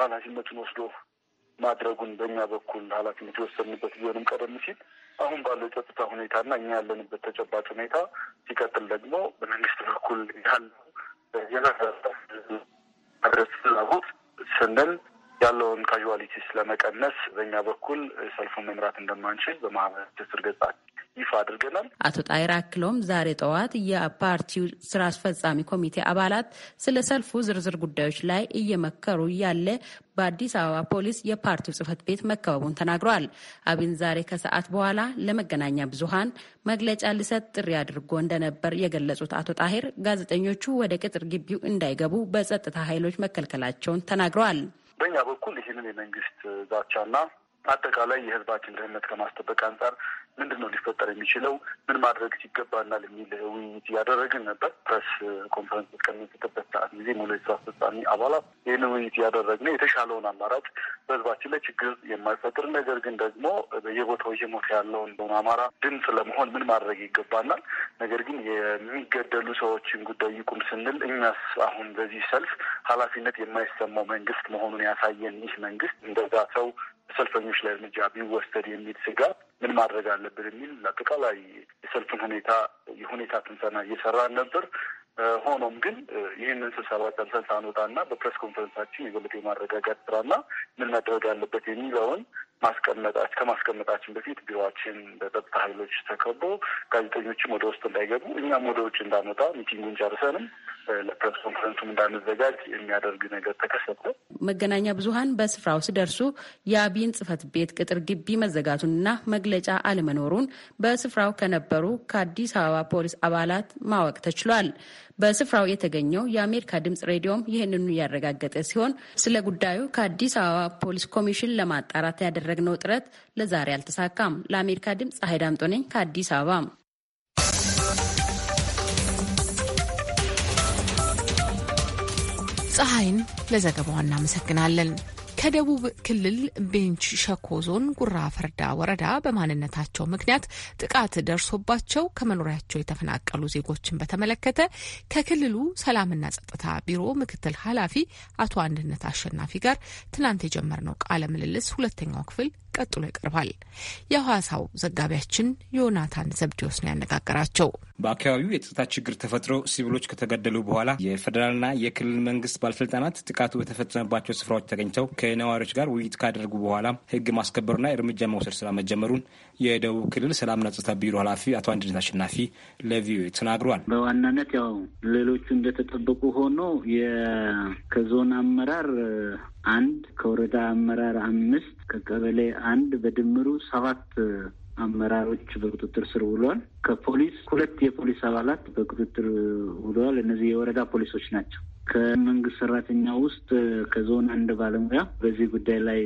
ኃላፊነቱን ወስዶ ማድረጉን በእኛ በኩል ኃላፊነት የወሰንበት ቢሆንም ቀደም ሲል አሁን ባለው የጸጥታ ሁኔታና እኛ ያለንበት ተጨባጭ ሁኔታ ሲቀጥል ደግሞ በመንግስት በኩል ያለው መድረስ ፍላጎት ስንል ያለውን ካዥዋሊቲስ ለመቀነስ በእኛ በኩል ሰልፉን መምራት እንደማንችል በማህበረ ትስስር ገጻችን ይፋ አድርገናል። አቶ ጣይር አክለውም ዛሬ ጠዋት የፓርቲው ስራ አስፈጻሚ ኮሚቴ አባላት ስለ ሰልፉ ዝርዝር ጉዳዮች ላይ እየመከሩ ያለ በአዲስ አበባ ፖሊስ የፓርቲው ጽህፈት ቤት መከበቡን ተናግረዋል። አብን ዛሬ ከሰዓት በኋላ ለመገናኛ ብዙሃን መግለጫ ሊሰጥ ጥሪ አድርጎ እንደነበር የገለጹት አቶ ጣሄር ጋዜጠኞቹ ወደ ቅጥር ግቢው እንዳይገቡ በጸጥታ ኃይሎች መከልከላቸውን ተናግረዋል። በእኛ በኩል ይህንን የመንግስት ዛቻና አጠቃላይ የህዝባችን ደህንነት ከማስጠበቅ አንጻር ምንድን ነው ሊፈጠር የሚችለው ምን ማድረግ ይገባናል የሚል ውይይት እያደረግን ነበር። ፕሬስ ኮንፈረንስ እስከሚሰጥበት ሰዓት ጊዜ ሙሉ የስራ አስፈጻሚ አባላት ይህን ውይይት እያደረግን የተሻለውን አማራጭ በህዝባችን ላይ ችግር የማይፈጥር ነገር ግን ደግሞ በየቦታው እየሞተ ያለውን አማራ ድምፅ ለመሆን ምን ማድረግ ይገባናል፣ ነገር ግን የሚገደሉ ሰዎችን ጉዳይ ይቁም ስንል እኛስ አሁን በዚህ ሰልፍ ኃላፊነት የማይሰማው መንግስት መሆኑን ያሳየን ይህ መንግስት እንደዛ ሰው ሰልፈኞች ላይ እርምጃ ቢወሰድ የሚል ስጋት ምን ማድረግ አለብን የሚል አጠቃላይ የሰልፍን ሁኔታ የሁኔታ ትንተና እየሰራን ነበር። ሆኖም ግን ይህንን ስብሰባ ጨርሰን ሳንወጣና በፕሬስ ኮንፈረንሳችን የበለጠ የማረጋጋት ስራና ምን መደረግ አለበት የሚለውን ማስቀመጣች ከማስቀመጣችን በፊት ቢሮችን በጸጥታ ኃይሎች ተከቦ ጋዜጠኞችም ወደ ውስጥ እንዳይገቡ እኛም ወደ ውጭ እንዳንወጣ ሚቲንጉን ጨርሰንም ለፕሬስ ኮንፈረንሱም እንዳንዘጋጅ የሚያደርግ ነገር ተከሰተ። መገናኛ ብዙኃን በስፍራው ሲደርሱ የአብይን ጽህፈት ቤት ቅጥር ግቢ መዘጋቱንና መግለጫ አለመኖሩን በስፍራው ከነበሩ ከአዲስ አበባ ፖሊስ አባላት ማወቅ ተችሏል። በስፍራው የተገኘው የአሜሪካ ድምጽ ሬዲዮም ይህንኑ ያረጋገጠ ሲሆን ስለ ጉዳዩ ከአዲስ አበባ ፖሊስ ኮሚሽን ለማጣራት ያደረግነው ጥረት ለዛሬ አልተሳካም። ለአሜሪካ ድምጽ ጸሐይ ዳምጦ ነኝ ከአዲስ አበባ። ፀሐይን ለዘገባዋ እናመሰግናለን። ከደቡብ ክልል ቤንች ሸኮ ዞን ጉራ ፈርዳ ወረዳ በማንነታቸው ምክንያት ጥቃት ደርሶባቸው ከመኖሪያቸው የተፈናቀሉ ዜጎችን በተመለከተ ከክልሉ ሰላምና ጸጥታ ቢሮ ምክትል ኃላፊ አቶ አንድነት አሸናፊ ጋር ትናንት የጀመርነው ቃለ ምልልስ ሁለተኛው ክፍል ቀጥሎ ይቀርባል። የሐዋሳው ዘጋቢያችን ዮናታን ዘብዲዎስ ነው ያነጋገራቸው። በአካባቢው የጸጥታ ችግር ተፈጥሮ ሲቪሎች ከተገደሉ በኋላ የፌዴራልና የክልል መንግስት ባለስልጣናት ጥቃቱ በተፈጸመባቸው ስፍራዎች ተገኝተው ነዋሪዎች ጋር ውይይት ካደረጉ በኋላ ህግ ማስከበሩና እርምጃ መውሰድ ስራ መጀመሩን የደቡብ ክልል ሰላምና ጸጥታ ቢሮ ኃላፊ አቶ አንድነት አሸናፊ ለቪኦኤ ተናግሯል። በዋናነት ያው ሌሎቹ እንደተጠበቁ ሆኖ ከዞን አመራር አንድ ከወረዳ አመራር አምስት ከቀበሌ አንድ በድምሩ ሰባት አመራሮች በቁጥጥር ስር ውሏል። ከፖሊስ ሁለት የፖሊስ አባላት በቁጥጥር ውለዋል። እነዚህ የወረዳ ፖሊሶች ናቸው። ከመንግስት ሰራተኛ ውስጥ ከዞን አንድ ባለሙያ በዚህ ጉዳይ ላይ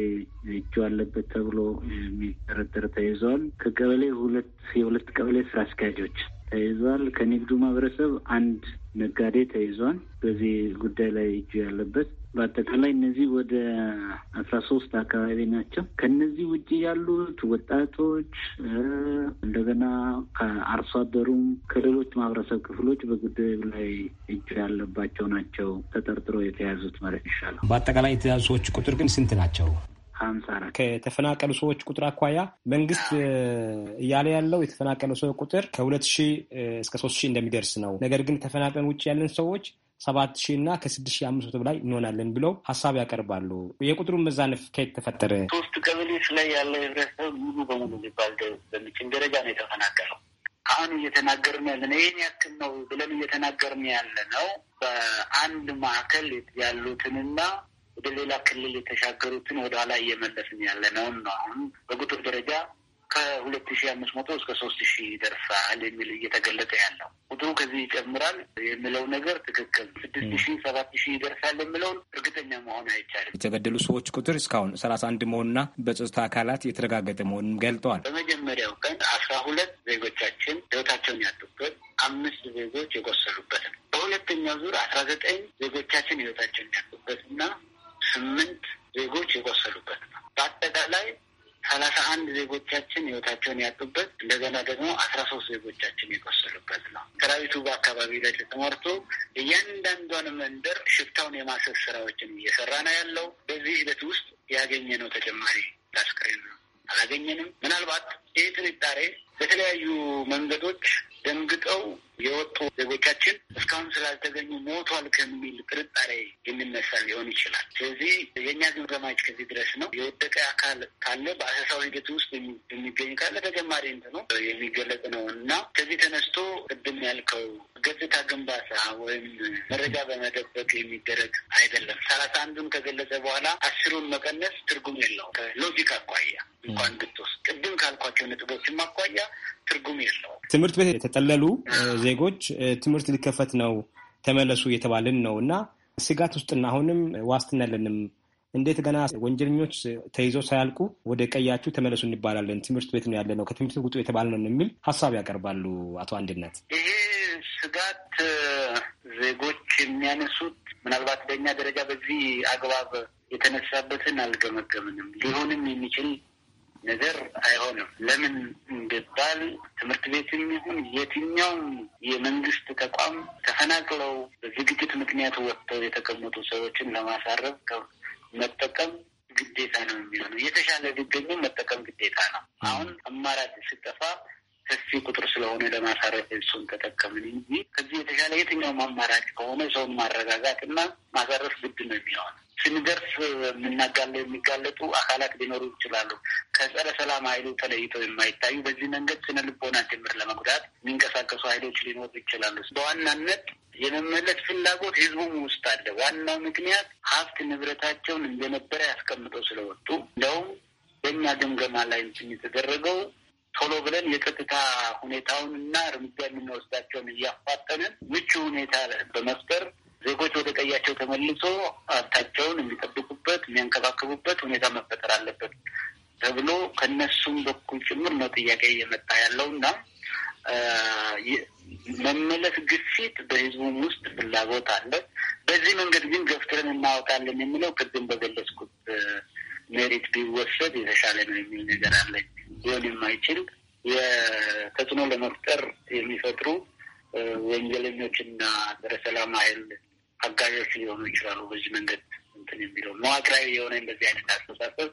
እጁ አለበት ተብሎ የሚጠረጠር ተይዘዋል። ከቀበሌ ሁለት የሁለት ቀበሌ ስራ አስኪያጆች ተይዟል። ከንግዱ ማህበረሰብ አንድ ነጋዴ ተይዟል። በዚህ ጉዳይ ላይ እጁ ያለበት በአጠቃላይ እነዚህ ወደ አስራ ሶስት አካባቢ ናቸው። ከነዚህ ውጭ ያሉት ወጣቶች እንደገና ከአርሶ አደሩም ከሌሎች ማህበረሰብ ክፍሎች በጉዳዩ ላይ እጁ ያለባቸው ናቸው ተጠርጥሮ የተያዙት ማለት ይሻላል። በአጠቃላይ የተያዙ ሰዎች ቁጥር ግን ስንት ናቸው? ሀምሳ አራት ከተፈናቀሉ ሰዎች ቁጥር አኳያ መንግስት እያለ ያለው የተፈናቀሉ ሰው ቁጥር ከሁለት ሺህ እስከ ሶስት ሺህ እንደሚደርስ ነው። ነገር ግን ተፈናቅለን ውጭ ያለን ሰዎች ሰባት ሺህ እና ከስድስት ሺህ አምስት መቶ በላይ እንሆናለን ብለው ሀሳብ ያቀርባሉ። የቁጥሩን መዛነፍ ከየት ተፈጠረ? ሶስት ቀበሌዎች ላይ ያለ ህብረተሰብ ሙሉ በሙሉ ሊባል በሚችን ደረጃ ነው የተፈናቀለው። አሁን እየተናገርን ያለ ነው ይህን ያክል ነው ብለን እየተናገርን ያለ ነው በአንድ ማዕከል ያሉትንና ወደ ሌላ ክልል የተሻገሩትን ወደኋላ እየመለስን ያለ ነውን ነው። አሁን በቁጥር ደረጃ ከሁለት ሺ አምስት መቶ እስከ ሶስት ሺ ይደርሳል የሚል እየተገለጠ ያለው ቁጥሩ ከዚህ ይጨምራል የሚለው ነገር ትክክል ስድስት ሺ ሰባት ሺ ይደርሳል የሚለውን እርግጠኛ መሆን አይቻልም። የተገደሉ ሰዎች ቁጥር እስካሁን ሰላሳ አንድ መሆኑና በጸጥታ አካላት የተረጋገጠ መሆኑን ገልጠዋል። በመጀመሪያው ቀን አስራ ሁለት ዜጎቻችን ህይወታቸውን ያጡበት አምስት ዜጎች የቆሰሉበት ነው። በሁለተኛው ዙር አስራ ዘጠኝ ዜጎቻችን ህይወታቸውን ያጡበት እና ስምንት ዜጎች የቆሰሉበት ነው። በአጠቃላይ ሰላሳ አንድ ዜጎቻችን ህይወታቸውን ያጡበት እንደገና ደግሞ አስራ ሶስት ዜጎቻችን የቆሰሉበት ነው። ሰራዊቱ በአካባቢ ላይ ተሰማርቶ እያንዳንዷን መንደር ሽፍታውን የማሰብ ስራዎችን እየሰራ ነው ያለው። በዚህ ሂደት ውስጥ ያገኘ ነው ተጨማሪ አስክሬን ነው አላገኘንም። ምናልባት ይህ ጥርጣሬ በተለያዩ መንገዶች ደንግጠው የወጡ ዜጎቻችን እስካሁን ስላልተገኙ ሞቷል ከሚል ጥርጣሬ የሚነሳ ሊሆን ይችላል። ስለዚህ የእኛ ግምገማ ከዚህ ድረስ ነው። የወደቀ አካል ካለ በአሰሳው ሂደት ውስጥ የሚገኝ ካለ ተጨማሪ እንትን ነው የሚገለጽ ነው እና ከዚህ ተነስቶ ቅድም ያልከው ገጽታ ግንባታ ወይም መረጃ በመደበቅ የሚደረግ አይደለም። ሰላሳ አንዱን ከገለጸ በኋላ አስሩን መቀነስ ትርጉም የለውም። ከሎጂክ አኳያ እንኳን ብትወስድ ቅድም ካልኳቸው ነጥቦችም አኳያ ትርጉም የለውም። ትምህርት ቤት የተጠለሉ ዜጎች ትምህርት ሊከፈት ነው ተመለሱ እየተባልን ነው እና ስጋት ውስጥና አሁንም ዋስትና የለንም። እንዴት ገና ወንጀለኞች ተይዘው ሳያልቁ ወደ ቀያችሁ ተመለሱ እንባላለን፣ ትምህርት ቤት ነው ያለ ነው፣ ከትምህርት ውጡ የተባለ ነው የሚል ሀሳብ ያቀርባሉ አቶ አንድነት። ይሄ ስጋት ዜጎች የሚያነሱት ምናልባት በእኛ ደረጃ በዚህ አግባብ የተነሳበትን አልገመገምንም። ሊሆንም የሚችል ነገር አይሆንም። ለምን እንደባል ትምህርት ቤትም ይሁን የትኛውም የመንግስት ተቋም ተፈናቅለው በዝግጅት ምክንያት ወጥተው የተቀመጡ ሰዎችን ለማሳረፍ መጠቀም ግዴታ ነው የሚሆነው። የተሻለ ቢገኙ መጠቀም ግዴታ ነው። አሁን አማራጭ ሲጠፋ ሰፊ ቁጥር ስለሆነ ለማሳረፍ እሱን ተጠቀምን እንጂ ከዚህ የተሻለ የትኛውም አማራጭ ከሆነ ሰውን ማረጋጋት እና ማሳረፍ ግድ ነው የሚሆን ስንደርስ የምናጋለ የሚጋለጡ አካላት ሊኖሩ ይችላሉ። ከጸረ ሰላም ኃይሉ ተለይተው የማይታዩ በዚህ መንገድ ስነ ልቦና ጭምር ለመጉዳት የሚንቀሳቀሱ ኃይሎች ሊኖሩ ይችላሉ። በዋናነት የመመለስ ፍላጎት ህዝቡም ውስጥ አለ። ዋናው ምክንያት ሀብት ንብረታቸውን እንደነበረ ያስቀምጠው ስለወጡ እንደውም በእኛ ግምገማ ላይ እንትን የተደረገው ቶሎ ብለን የጸጥታ ሁኔታውን እና እርምጃ የምንወስዳቸውን እያፋጠንን ምቹ ሁኔታ በመፍጠር ዜጎች ወደ ቀያቸው ተመልሶ ሀብታቸውን የሚጠብቁበት የሚያንከባከቡበት ሁኔታ መፈጠር አለበት ተብሎ ከነሱም በኩል ጭምር ነው ጥያቄ እየመጣ ያለው እና መመለስ ግፊት በህዝቡም ውስጥ ፍላጎት አለ። በዚህ መንገድ ግን ገፍትረን እናወጣለን የሚለው ቅድም በገለጽኩት ሜሪት ቢወሰድ የተሻለ ነው የሚል ነገር አለኝ። ሊሆን የማይችል የተጽዕኖ ለመፍጠር የሚፈጥሩ ወንጀለኞችና ጸረ ሰላም ኃይል አጋዦች ሊሆኑ ይችላሉ። በዚህ መንገድ እንትን የሚለው መዋቅራዊ የሆነ እንደዚህ አይነት አስተሳሰብ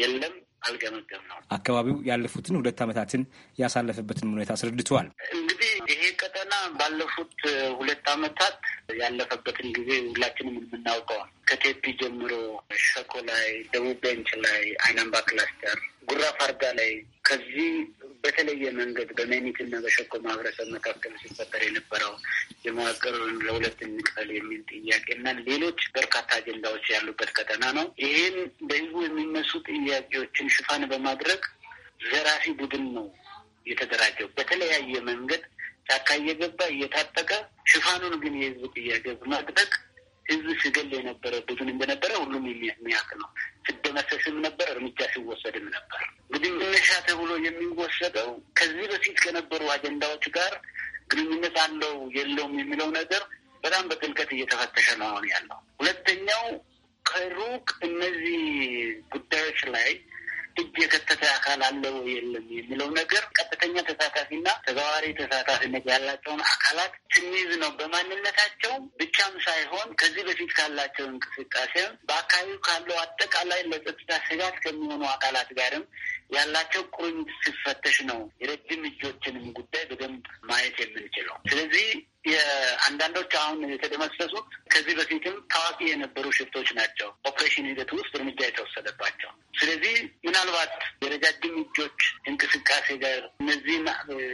የለም አልገመገም ነው። አካባቢው ያለፉትን ሁለት ዓመታትን ያሳለፈበትን ሁኔታ አስረድተዋል። እንግዲህ ይሄ ቀጠና ባለፉት ሁለት ዓመታት ያለፈበትን ጊዜ ሁላችንም የምናውቀዋል። ከቴፒ ጀምሮ ሸኮ ላይ፣ ደቡብ ቤንች ላይ፣ አይናምባ ክላስተር ጉራ ፋርዳ ላይ ከዚህ በተለየ መንገድ በሜኒት በሸኮ ማህበረሰብ መካከል ሲፈጠር የነበረው የመዋቅርን ለሁለት እንቀል የሚል ጥያቄ እና ሌሎች በርካታ አጀንዳዎች ያሉበት ቀጠና ነው። ይህን በህዝቡ የሚነሱ ጥያቄዎችን ሽፋን በማድረግ ዘራፊ ቡድን ነው የተደራጀው። በተለያየ መንገድ ጫካ እየገባ እየታጠቀ ሽፋኑን ግን የህዝቡ ጥያቄ በማድረግ ህዝብ ሲገል የነበረበትን እንደነበረ ሁሉም የሚያውቅ ነው። ሲደመሰስም ነበር፣ እርምጃ ሲወሰድም ነበር። እንግዲህ መነሻ ተብሎ የሚወሰደው ከዚህ በፊት ከነበሩ አጀንዳዎች ጋር ግንኙነት አለው የለውም የሚለው ነገር በጣም በጥልቀት እየተፈተሸ ነው አሁን ያለው። ሁለተኛው ከሩቅ እነዚህ ጉዳዮች ላይ እጅ የከተተ አካል አለው ወይ የለም የሚለው ነገር ቀጥተኛ ተሳታፊና ተዘዋዋሪ ተሳታፊነት ያላቸውን አካላት ስንይዝ ነው በማንነታቸው ብቻም ሳይሆን ከዚህ በፊት ካላቸው እንቅስቃሴም በአካባቢው ካለው አጠቃላይ ለጸጥታ ስጋት ከሚሆኑ አካላት ጋርም ያላቸው ቁርኝት ሲፈተሽ ነው የረጅም እጆችንም ጉዳይ በደንብ ማየት የምንችለው። ስለዚህ የአንዳንዶቹ አሁን የተደመሰሱት ከዚህ በፊትም ታዋቂ የነበሩ ሽፍቶች ናቸው ኦፕሬሽን ሂደት ውስጥ እርምጃ የተወሰደባቸው። ስለዚህ ምናልባት የረጃጅም እጆች እንቅስቃሴ ጋር እነዚህን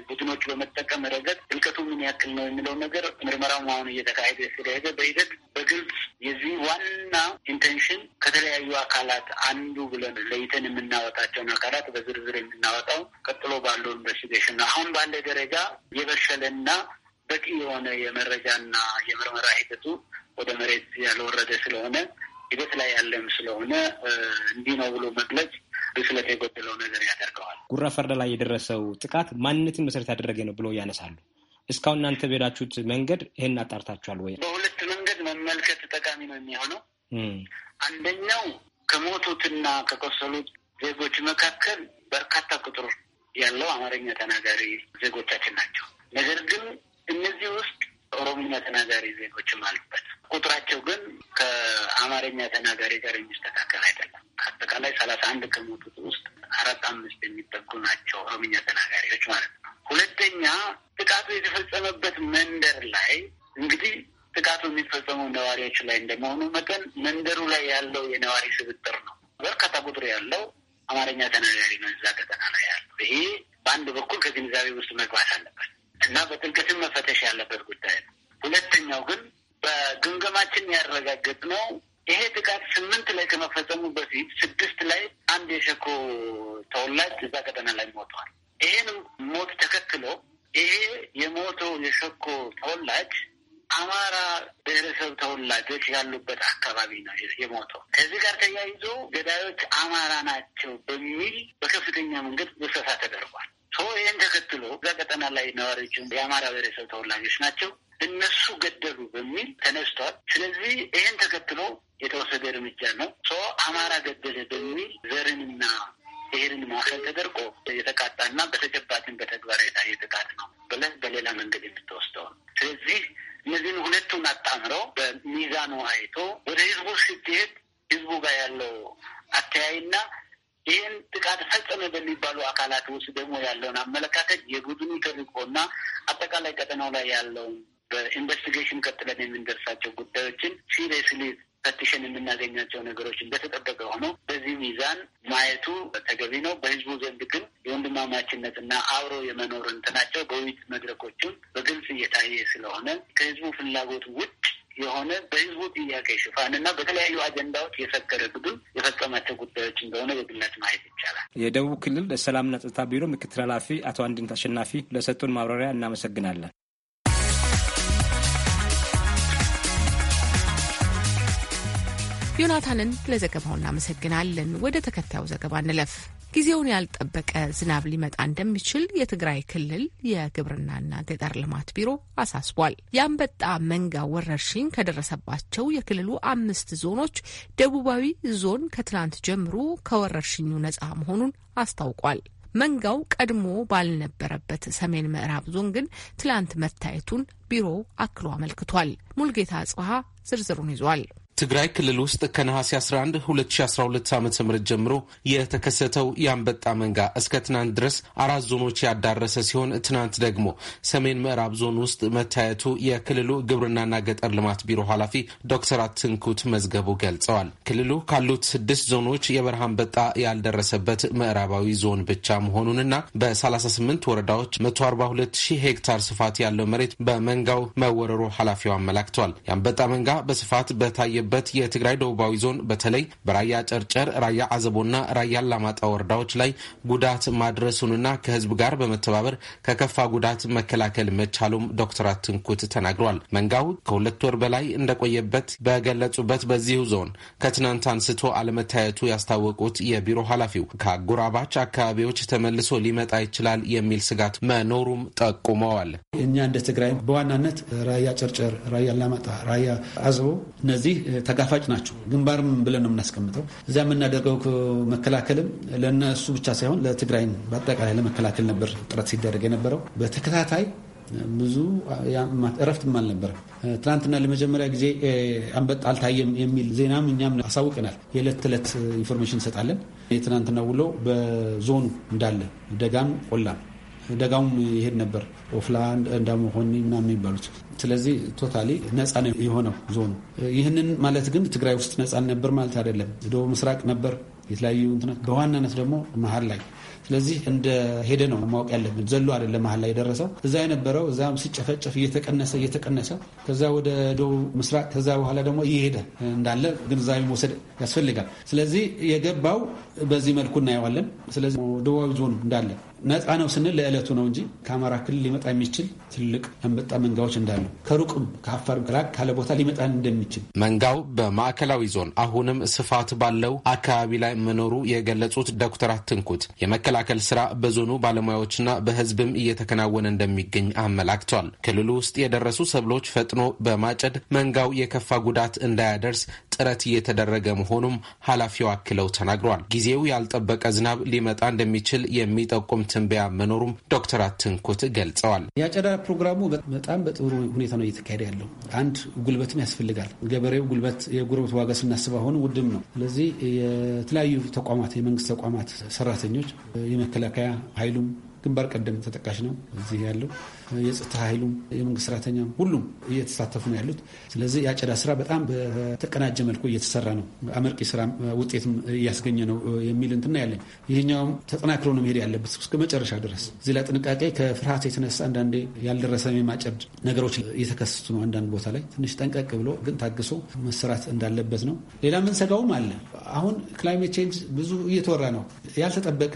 ቡድኖች በመጠቀም ረገድ ጥልቀቱ ምን ያክል ነው የሚለው ነገር ምርመራው አሁን እየተካሄደ ስለሄደ በሂደት በግልጽ የዚህ ዋና ኢንቴንሽን ከተለያዩ አካላት አንዱ ብለን ለይተን የምናወጣቸውን አካላት በዝርዝር የምናወጣው ቀጥሎ ባለው ኢንቨስቲጌሽን ነው። አሁን ባለ ደረጃ የበሸለና በቂ የሆነ የመረጃና የምርመራ ሂደቱ ወደ መሬት ያልወረደ ስለሆነ ሂደት ላይ ያለም ስለሆነ እንዲህ ነው ብሎ መግለጽ ብስለት የጎደለው ነገር ያደርገዋል። ጉራ ፈርዳ ላይ የደረሰው ጥቃት ማንነትን መሰረት ያደረገ ነው ብሎ ያነሳሉ። እስካሁን እናንተ በሄዳችሁት መንገድ ይህን አጣርታችኋል ወይ? በሁለት መንገድ መመልከት ጠቃሚ ነው የሚሆነው። አንደኛው ከሞቱትና ከቆሰሉት ዜጎች መካከል በርካታ ቁጥር ያለው አማርኛ ተናጋሪ ዜጎቻችን ናቸው። ነገር ግን እነዚህ ውስጥ ኦሮምኛ ተናጋሪ ዜጎችም አሉበት። ቁጥራቸው ግን ከአማርኛ ተናጋሪ ጋር የሚስተካከል አይደለም። ከአጠቃላይ ሰላሳ አንድ ከሞቱት ውስጥ አራት አምስት የሚጠጉ ናቸው ኦሮምኛ ተናጋሪዎች ማለት ነው። ሁለተኛ ጥቃቱ የተፈጸመበት መንደር ላይ እንግዲህ ጥቃቱ የሚፈጸሙ ነዋሪዎች ላይ እንደመሆኑ መጠን መንደሩ ላይ ያለው የነዋሪ ስብጥር ነው። በርካታ ቁጥር ያለው አማርኛ ተናጋሪ ነው እዛ ቀጠና ላይ ያለው። ይሄ በአንድ በኩል ከግንዛቤ ውስጥ መግባት አለበት። እና በጥልቀትም መፈተሽ ያለበት ጉዳይ ነው። ሁለተኛው ግን በግምገማችን ነው። ይሄ ጥቃት ስምንት ላይ ከመፈጸሙ በፊት ስድስት ላይ አንድ የሸኮ ተወላጅ እዛ ቀጠና ላይ ሞተዋል። ይሄን ሞት ተከትሎ ይሄ የሞተው የሸኮ ተወላጅ አማራ ብሔረሰብ ተወላጆች ያሉበት አካባቢ ነው የሞተው። ከዚህ ጋር ተያይዞ ገዳዮች አማራ ናቸው በሚል በከፍተኛ መንገድ ውሰሳ ተደርጓል። ይህን ተከትሎ እዛ ቀጠና ላይ ነዋሪዎችን የአማራ ብሔረሰብ ተወላጆች ናቸው እነሱ ገደሉ በሚል ተነስቷል። ስለዚህ ይህን ተከትሎ የተወሰደ እርምጃ ነው። ሰው አማራ ገደለ በሚል ዘርንና ብሔርን ማዕከል ተደርጎ የተቃጣና በተጨባጭን በተግባር የታየ ጥቃት ነው ብለን በሌላ መንገድ የምትወስደው። ስለዚህ እነዚህን ሁለቱን አጣምረው በሚዛኑ አይቶ ከሚባሉ አካላት ውስጥ ደግሞ ያለውን አመለካከት የቡድኑ ተልዕኮ እና አጠቃላይ ቀጠናው ላይ ያለውን በኢንቨስቲጌሽን ቀጥለን የምንደርሳቸው ጉዳዮችን ሲሪየስሊ ፈትሸን የምናገኛቸው ነገሮች እንደተጠበቀ ሆኖ በዚህ ሚዛን ማየቱ ተገቢ ነው። በህዝቡ ዘንድ ግን የወንድማማችነትና አብሮ የመኖር እንትናቸው በውይይት መድረኮችም በግልጽ እየታየ ስለሆነ ከህዝቡ ፍላጎት ውጭ የሆነ በህዝቡ ጥያቄ ሽፋን እና በተለያዩ አጀንዳዎች የሰከረ ግድብ የፈጸማቸው ጉዳዮች እንደሆነ በግልጽ ማየት ይቻላል። የደቡብ ክልል ሰላምና ጸጥታ ቢሮ ምክትል ኃላፊ አቶ አንድነት አሸናፊ ለሰጡን ማብራሪያ እናመሰግናለን። ዮናታንን ለዘገባው እናመሰግናለን። ወደ ተከታዩ ዘገባ እንለፍ። ጊዜውን ያልጠበቀ ዝናብ ሊመጣ እንደሚችል የትግራይ ክልል የግብርናና ገጠር ልማት ቢሮ አሳስቧል። የአንበጣ መንጋ ወረርሽኝ ከደረሰባቸው የክልሉ አምስት ዞኖች ደቡባዊ ዞን ከትናንት ጀምሮ ከወረርሽኙ ነጻ መሆኑን አስታውቋል። መንጋው ቀድሞ ባልነበረበት ሰሜን ምዕራብ ዞን ግን ትላንት መታየቱን ቢሮው አክሎ አመልክቷል። ሙልጌታ ጽሀ ዝርዝሩን ይዟል። ትግራይ ክልል ውስጥ ከነሐሴ 11 2012 ዓ ም ጀምሮ የተከሰተው የአንበጣ መንጋ እስከ ትናንት ድረስ አራት ዞኖች ያዳረሰ ሲሆን ትናንት ደግሞ ሰሜን ምዕራብ ዞን ውስጥ መታየቱ የክልሉ ግብርናና ገጠር ልማት ቢሮ ኃላፊ ዶክተር አትንኩት መዝገቡ ገልጸዋል። ክልሉ ካሉት ስድስት ዞኖች የበረሃ አንበጣ ያልደረሰበት ምዕራባዊ ዞን ብቻ መሆኑንና በ38 ወረዳዎች 142 ሺህ ሄክታር ስፋት ያለው መሬት በመንጋው መወረሩ ኃላፊው አመላክተዋል። የአንበጣ መንጋ በስፋት በታየ የሚገኝበት የትግራይ ደቡባዊ ዞን በተለይ በራያ ጨርጨር፣ ራያ አዘቦና ራያ አላማጣ ወረዳዎች ላይ ጉዳት ማድረሱንና ከህዝብ ጋር በመተባበር ከከፋ ጉዳት መከላከል መቻሉም ዶክተር አትንኩት ተናግረዋል። መንጋው ከሁለት ወር በላይ እንደቆየበት በገለጹበት በዚሁ ዞን ከትናንት አንስቶ አለመታየቱ ያስታወቁት የቢሮ ኃላፊው ከአጎራባች አካባቢዎች ተመልሶ ሊመጣ ይችላል የሚል ስጋት መኖሩም ጠቁመዋል። እኛ እንደ ትግራይ በዋናነት ራያ ጨርጨር፣ ራያ አላማጣ፣ ራያ አዘቦ እነዚህ ተጋፋጭ ናቸው። ግንባርም ብለን ነው የምናስቀምጠው። እዚያ የምናደርገው መከላከልም ለእነሱ ብቻ ሳይሆን ለትግራይን በአጠቃላይ ለመከላከል ነበር ጥረት ሲደረግ የነበረው በተከታታይ ብዙ እረፍትም አልነበረም። ትናንትና ለመጀመሪያ ጊዜ አንበጣ አልታየም የሚል ዜናም እኛም አሳውቀናል። የዕለት ተዕለት ኢንፎርሜሽን እንሰጣለን። የትናንትና ውሎ በዞኑ እንዳለ ደጋም ቆላም ደጋውም ይሄድ ነበር ኦፍላንድ እንዳመሆኒ ምናምን የሚባሉት ስለዚህ ቶታሊ ነፃ የሆነው ዞኑ። ይህንን ማለት ግን ትግራይ ውስጥ ነፃ ነበር ማለት አይደለም። ደቡብ ምስራቅ ነበር የተለያዩ በዋናነት ደግሞ መሀል ላይ ስለዚህ እንደ ሄደ ነው ማወቅ ያለብን። ዘሎ አይደለም መሀል ላይ የደረሰው እዛ የነበረው እዛ ሲጨፈጨፍ እየተቀነሰ እየተቀነሰ ከዛ ወደ ደቡብ ምስራቅ ከዛ በኋላ ደግሞ እየሄደ እንዳለ ግንዛቤ መውሰድ ያስፈልጋል። ስለዚህ የገባው በዚህ መልኩ እናየዋለን። ስለዚህ ደቡባዊ ዞን እንዳለ ነፃ ነው ስንል ለዕለቱ ነው እንጂ ከአማራ ክልል ሊመጣ የሚችል ትልቅ አንበጣ መንጋዎች እንዳሉ ከሩቅም ከአፋር ራቅ ካለ ቦታ ሊመጣ እንደሚችል መንጋው በማዕከላዊ ዞን አሁንም ስፋት ባለው አካባቢ ላይ መኖሩ የገለጹት ዶክተር አትንኩት የመከላከል ስራ በዞኑ ባለሙያዎችና በህዝብም እየተከናወነ እንደሚገኝ አመላክቷል። ክልሉ ውስጥ የደረሱ ሰብሎች ፈጥኖ በማጨድ መንጋው የከፋ ጉዳት እንዳያደርስ ጥረት እየተደረገ መሆኑም ኃላፊው አክለው ተናግረዋል። ጊዜው ያልጠበቀ ዝናብ ሊመጣ እንደሚችል የሚጠቁም ትንበያ መኖሩም ዶክተር አትንኩት ገልጸዋል። የአጨዳ ፕሮግራሙ በጣም በጥሩ ሁኔታ ነው እየተካሄደ ያለው። አንድ ጉልበትም ያስፈልጋል። ገበሬው ጉልበት የጉልበት ዋጋ ስናስብ አሁን ውድም ነው። ስለዚህ የተለያዩ ተቋማት የመንግስት ተቋማት ሰራተኞች፣ የመከላከያ ኃይሉም ግንባር ቀደም ተጠቃሽ ነው እዚህ ያለው የጸጥታ ኃይሉም፣ የመንግስት ሰራተኛ ሁሉም እየተሳተፉ ነው ያሉት። ስለዚህ የአጨዳ ስራ በጣም በተቀናጀ መልኩ እየተሰራ ነው፣ አመርቂ ስራ ውጤትም እያስገኘ ነው የሚል እንትና ያለኝ። ይህኛውም ተጠናክሮ ነው መሄድ ያለበት እስከ መጨረሻ ድረስ። እዚህ ላይ ጥንቃቄ ከፍርሃት የተነሳ አንዳንዴ ያልደረሰ የማጨድ ነገሮች እየተከሰቱ ነው። አንዳንድ ቦታ ላይ ትንሽ ጠንቀቅ ብሎ ግን ታግሶ መሰራት እንዳለበት ነው። ሌላ ሰጋውም አለ። አሁን ክላይሜት ቼንጅ ብዙ እየተወራ ነው። ያልተጠበቀ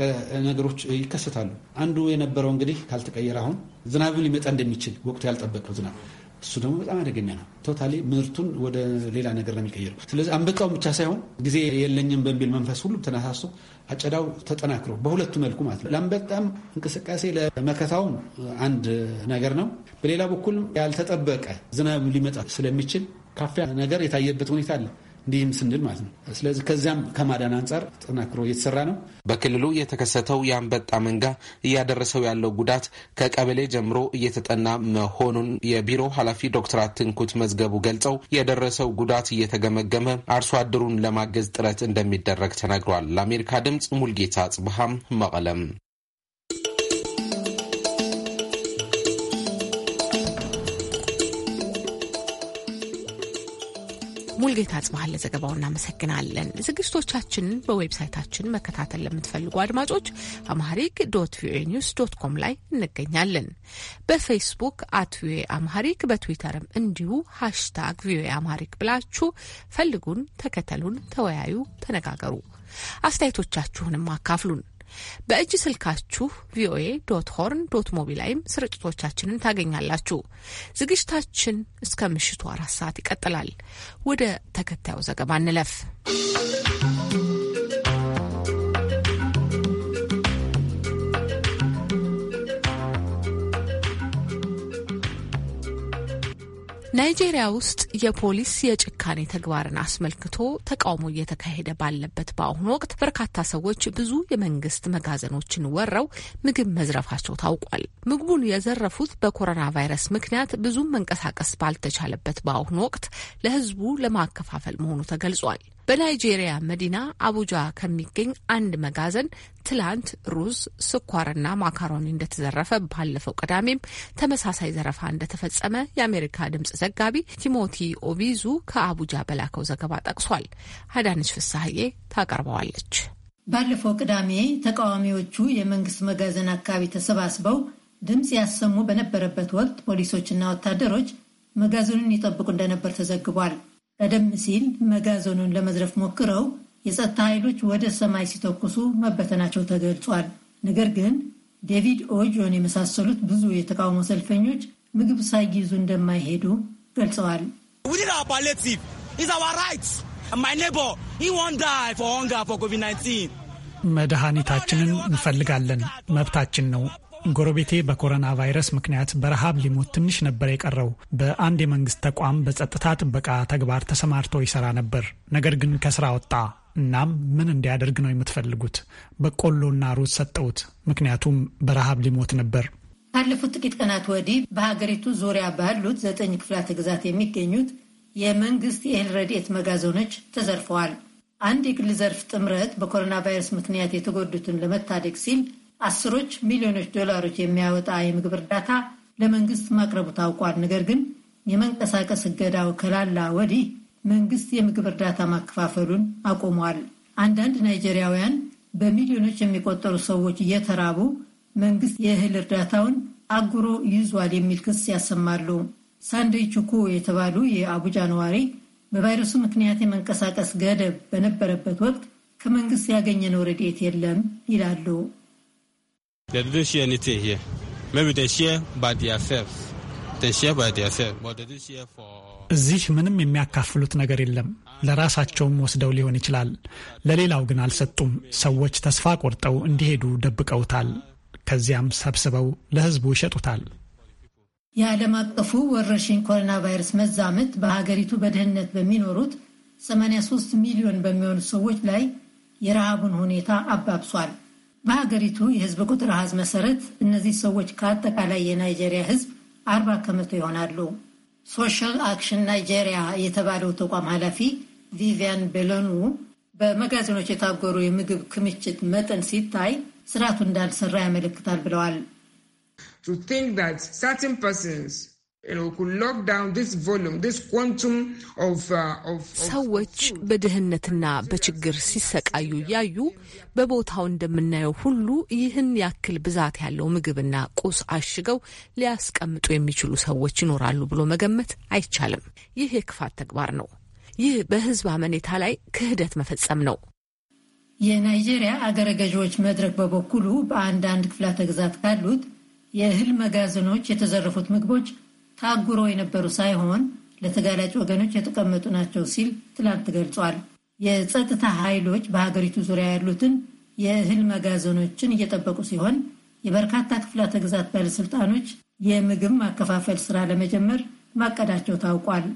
ነገሮች ይከሰታሉ። አንዱ የነበረው እንግዲህ ካልተቀየረ አሁን ዝናብም ሊመጣ እንደሚችል ወቅቱ ያልጠበቀው ዝናብ እሱ ደግሞ በጣም አደገኛ ነው። ቶታሊ ምርቱን ወደ ሌላ ነገር ነው የሚቀይረው። ስለዚህ አንበጣውን ብቻ ሳይሆን ጊዜ የለኝም በሚል መንፈስ ሁሉም ተነሳሶ አጨዳው ተጠናክሮ በሁለቱ መልኩ ማለት ነው። ለአንበጣም እንቅስቃሴ ለመከታውም አንድ ነገር ነው። በሌላ በኩል ያልተጠበቀ ዝናብ ሊመጣ ስለሚችል ካፊያ ነገር የታየበት ሁኔታ አለ። እንዲህም ስንል ማለት ነው። ስለዚህ ከዚያም ከማዳን አንጻር ተጠናክሮ እየተሰራ ነው። በክልሉ የተከሰተው የአንበጣ መንጋ እያደረሰው ያለው ጉዳት ከቀበሌ ጀምሮ እየተጠና መሆኑን የቢሮ ኃላፊ ዶክተር አትንኩት መዝገቡ ገልጸው የደረሰው ጉዳት እየተገመገመ አርሶ አደሩን ለማገዝ ጥረት እንደሚደረግ ተናግሯል። ለአሜሪካ ድምፅ ሙልጌታ ጽብሃም መቀለም ሙልጌታ አጽባህን ለዘገባው እናመሰግናለን። ዝግጅቶቻችንን በዌብሳይታችን መከታተል ለምትፈልጉ አድማጮች አምሃሪክ ዶት ቪኦኤ ኒውስ ዶት ኮም ላይ እንገኛለን። በፌስቡክ አት ቪኦኤ አምሃሪክ፣ በትዊተርም እንዲሁ ሃሽታግ ቪኦኤ አምሃሪክ ብላችሁ ፈልጉን፣ ተከተሉን፣ ተወያዩ፣ ተነጋገሩ። አስተያየቶቻችሁንም አካፍሉን። በእጅ ስልካችሁ ቪኦኤ ዶት ሆርን ዶት ሞቢ ላይም ስርጭቶቻችንን ታገኛላችሁ። ዝግጅታችን እስከ ምሽቱ አራት ሰዓት ይቀጥላል። ወደ ተከታዩ ዘገባ እንለፍ። ናይጄሪያ ውስጥ የፖሊስ የጭካኔ ተግባርን አስመልክቶ ተቃውሞ እየተካሄደ ባለበት በአሁኑ ወቅት በርካታ ሰዎች ብዙ የመንግስት መጋዘኖችን ወረው ምግብ መዝረፋቸው ታውቋል። ምግቡን የዘረፉት በኮሮና ቫይረስ ምክንያት ብዙም መንቀሳቀስ ባልተቻለበት በአሁኑ ወቅት ለህዝቡ ለማከፋፈል መሆኑ ተገልጿል። በናይጄሪያ መዲና አቡጃ ከሚገኝ አንድ መጋዘን ትላንት ሩዝ፣ ስኳርና ማካሮኒ እንደተዘረፈ ባለፈው ቅዳሜም ተመሳሳይ ዘረፋ እንደተፈጸመ የአሜሪካ ድምጽ ዘጋቢ ቲሞቲ ኦቢዙ ከአቡጃ በላከው ዘገባ ጠቅሷል። አዳነች ፍሳሐዬ ታቀርበዋለች። ባለፈው ቅዳሜ ተቃዋሚዎቹ የመንግስት መጋዘን አካባቢ ተሰባስበው ድምፅ ያሰሙ በነበረበት ወቅት ፖሊሶችና ወታደሮች መጋዘኑን ይጠብቁ እንደነበር ተዘግቧል። ቀደም ሲል መጋዘኑን ለመዝረፍ ሞክረው የጸጥታ ኃይሎች ወደ ሰማይ ሲተኩሱ መበተናቸው ተገልጿል። ነገር ግን ዴቪድ ኦጆን የመሳሰሉት ብዙ የተቃውሞ ሰልፈኞች ምግብ ሳይይዙ እንደማይሄዱ ገልጸዋል። መድኃኒታችንን እንፈልጋለን፣ መብታችን ነው። ጎረቤቴ በኮሮና ቫይረስ ምክንያት በረሃብ ሊሞት ትንሽ ነበር የቀረው። በአንድ የመንግስት ተቋም በጸጥታ ጥበቃ ተግባር ተሰማርቶ ይሰራ ነበር። ነገር ግን ከስራ ወጣ። እናም ምን እንዲያደርግ ነው የምትፈልጉት? በቆሎና ሩዝ ሰጠውት ምክንያቱም በረሃብ ሊሞት ነበር። ካለፉት ጥቂት ቀናት ወዲህ በሀገሪቱ ዙሪያ ባሉት ዘጠኝ ክፍላተ ግዛት የሚገኙት የመንግስት የእህል ረድኤት መጋዘኖች ተዘርፈዋል። አንድ የግል ዘርፍ ጥምረት በኮሮና ቫይረስ ምክንያት የተጎዱትን ለመታደግ ሲል አስሮች ሚሊዮኖች ዶላሮች የሚያወጣ የምግብ እርዳታ ለመንግስት ማቅረቡ ታውቋል። ነገር ግን የመንቀሳቀስ እገዳው ከላላ ወዲህ መንግስት የምግብ እርዳታ ማከፋፈሉን አቁሟል። አንዳንድ ናይጄሪያውያን በሚሊዮኖች የሚቆጠሩ ሰዎች እየተራቡ መንግስት የእህል እርዳታውን አጉሮ ይዟል የሚል ክስ ያሰማሉ። ሳንደይ ቹኩ የተባሉ የአቡጃ ነዋሪ በቫይረሱ ምክንያት የመንቀሳቀስ ገደብ በነበረበት ወቅት ከመንግስት ያገኘነው ረድኤት የለም ይላሉ። They didn't anything here. Maybe they share by themselves. They share by themselves, but they didn't share for እዚህ ምንም የሚያካፍሉት ነገር የለም። ለራሳቸውም ወስደው ሊሆን ይችላል። ለሌላው ግን አልሰጡም። ሰዎች ተስፋ ቆርጠው እንዲሄዱ ደብቀውታል። ከዚያም ሰብስበው ለሕዝቡ ይሸጡታል። የዓለም አቀፉ ወረርሽኝ ኮሮና ቫይረስ መዛመት በሀገሪቱ በድህነት በሚኖሩት 83 ሚሊዮን በሚሆኑ ሰዎች ላይ የረሃቡን ሁኔታ አባብሷል። በሀገሪቱ የህዝብ ቁጥር አሃዝ መሰረት እነዚህ ሰዎች ከአጠቃላይ የናይጄሪያ ህዝብ አርባ ከመቶ ይሆናሉ። ሶሻል አክሽን ናይጄሪያ የተባለው ተቋም ኃላፊ ቪቪያን ቤሎኑ በመጋዘኖች የታጎሩ የምግብ ክምችት መጠን ሲታይ ስርዓቱ እንዳልሰራ ያመለክታል ብለዋል። Uh, ሰዎች በድህነትና በችግር ሲሰቃዩ እያዩ በቦታው እንደምናየው ሁሉ ይህን ያክል ብዛት ያለው ምግብና ቁስ አሽገው ሊያስቀምጡ የሚችሉ ሰዎች ይኖራሉ ብሎ መገመት አይቻልም። ይህ የክፋት ተግባር ነው። ይህ በህዝብ አመኔታ ላይ ክህደት መፈጸም ነው። የናይጄሪያ አገረ ገዢዎች መድረክ በበኩሉ በአንዳንድ ክፍላተ ግዛት ካሉት የእህል መጋዘኖች የተዘረፉት ምግቦች ታጉረው የነበሩ ሳይሆን ለተጋላጭ ወገኖች የተቀመጡ ናቸው ሲል ትላንት ገልጿል። የጸጥታ ኃይሎች በሀገሪቱ ዙሪያ ያሉትን የእህል መጋዘኖችን እየጠበቁ ሲሆን የበርካታ ክፍላተ ግዛት ባለስልጣኖች የምግብ ማከፋፈል ስራ ለመጀመር ማቀዳቸው ታውቋል።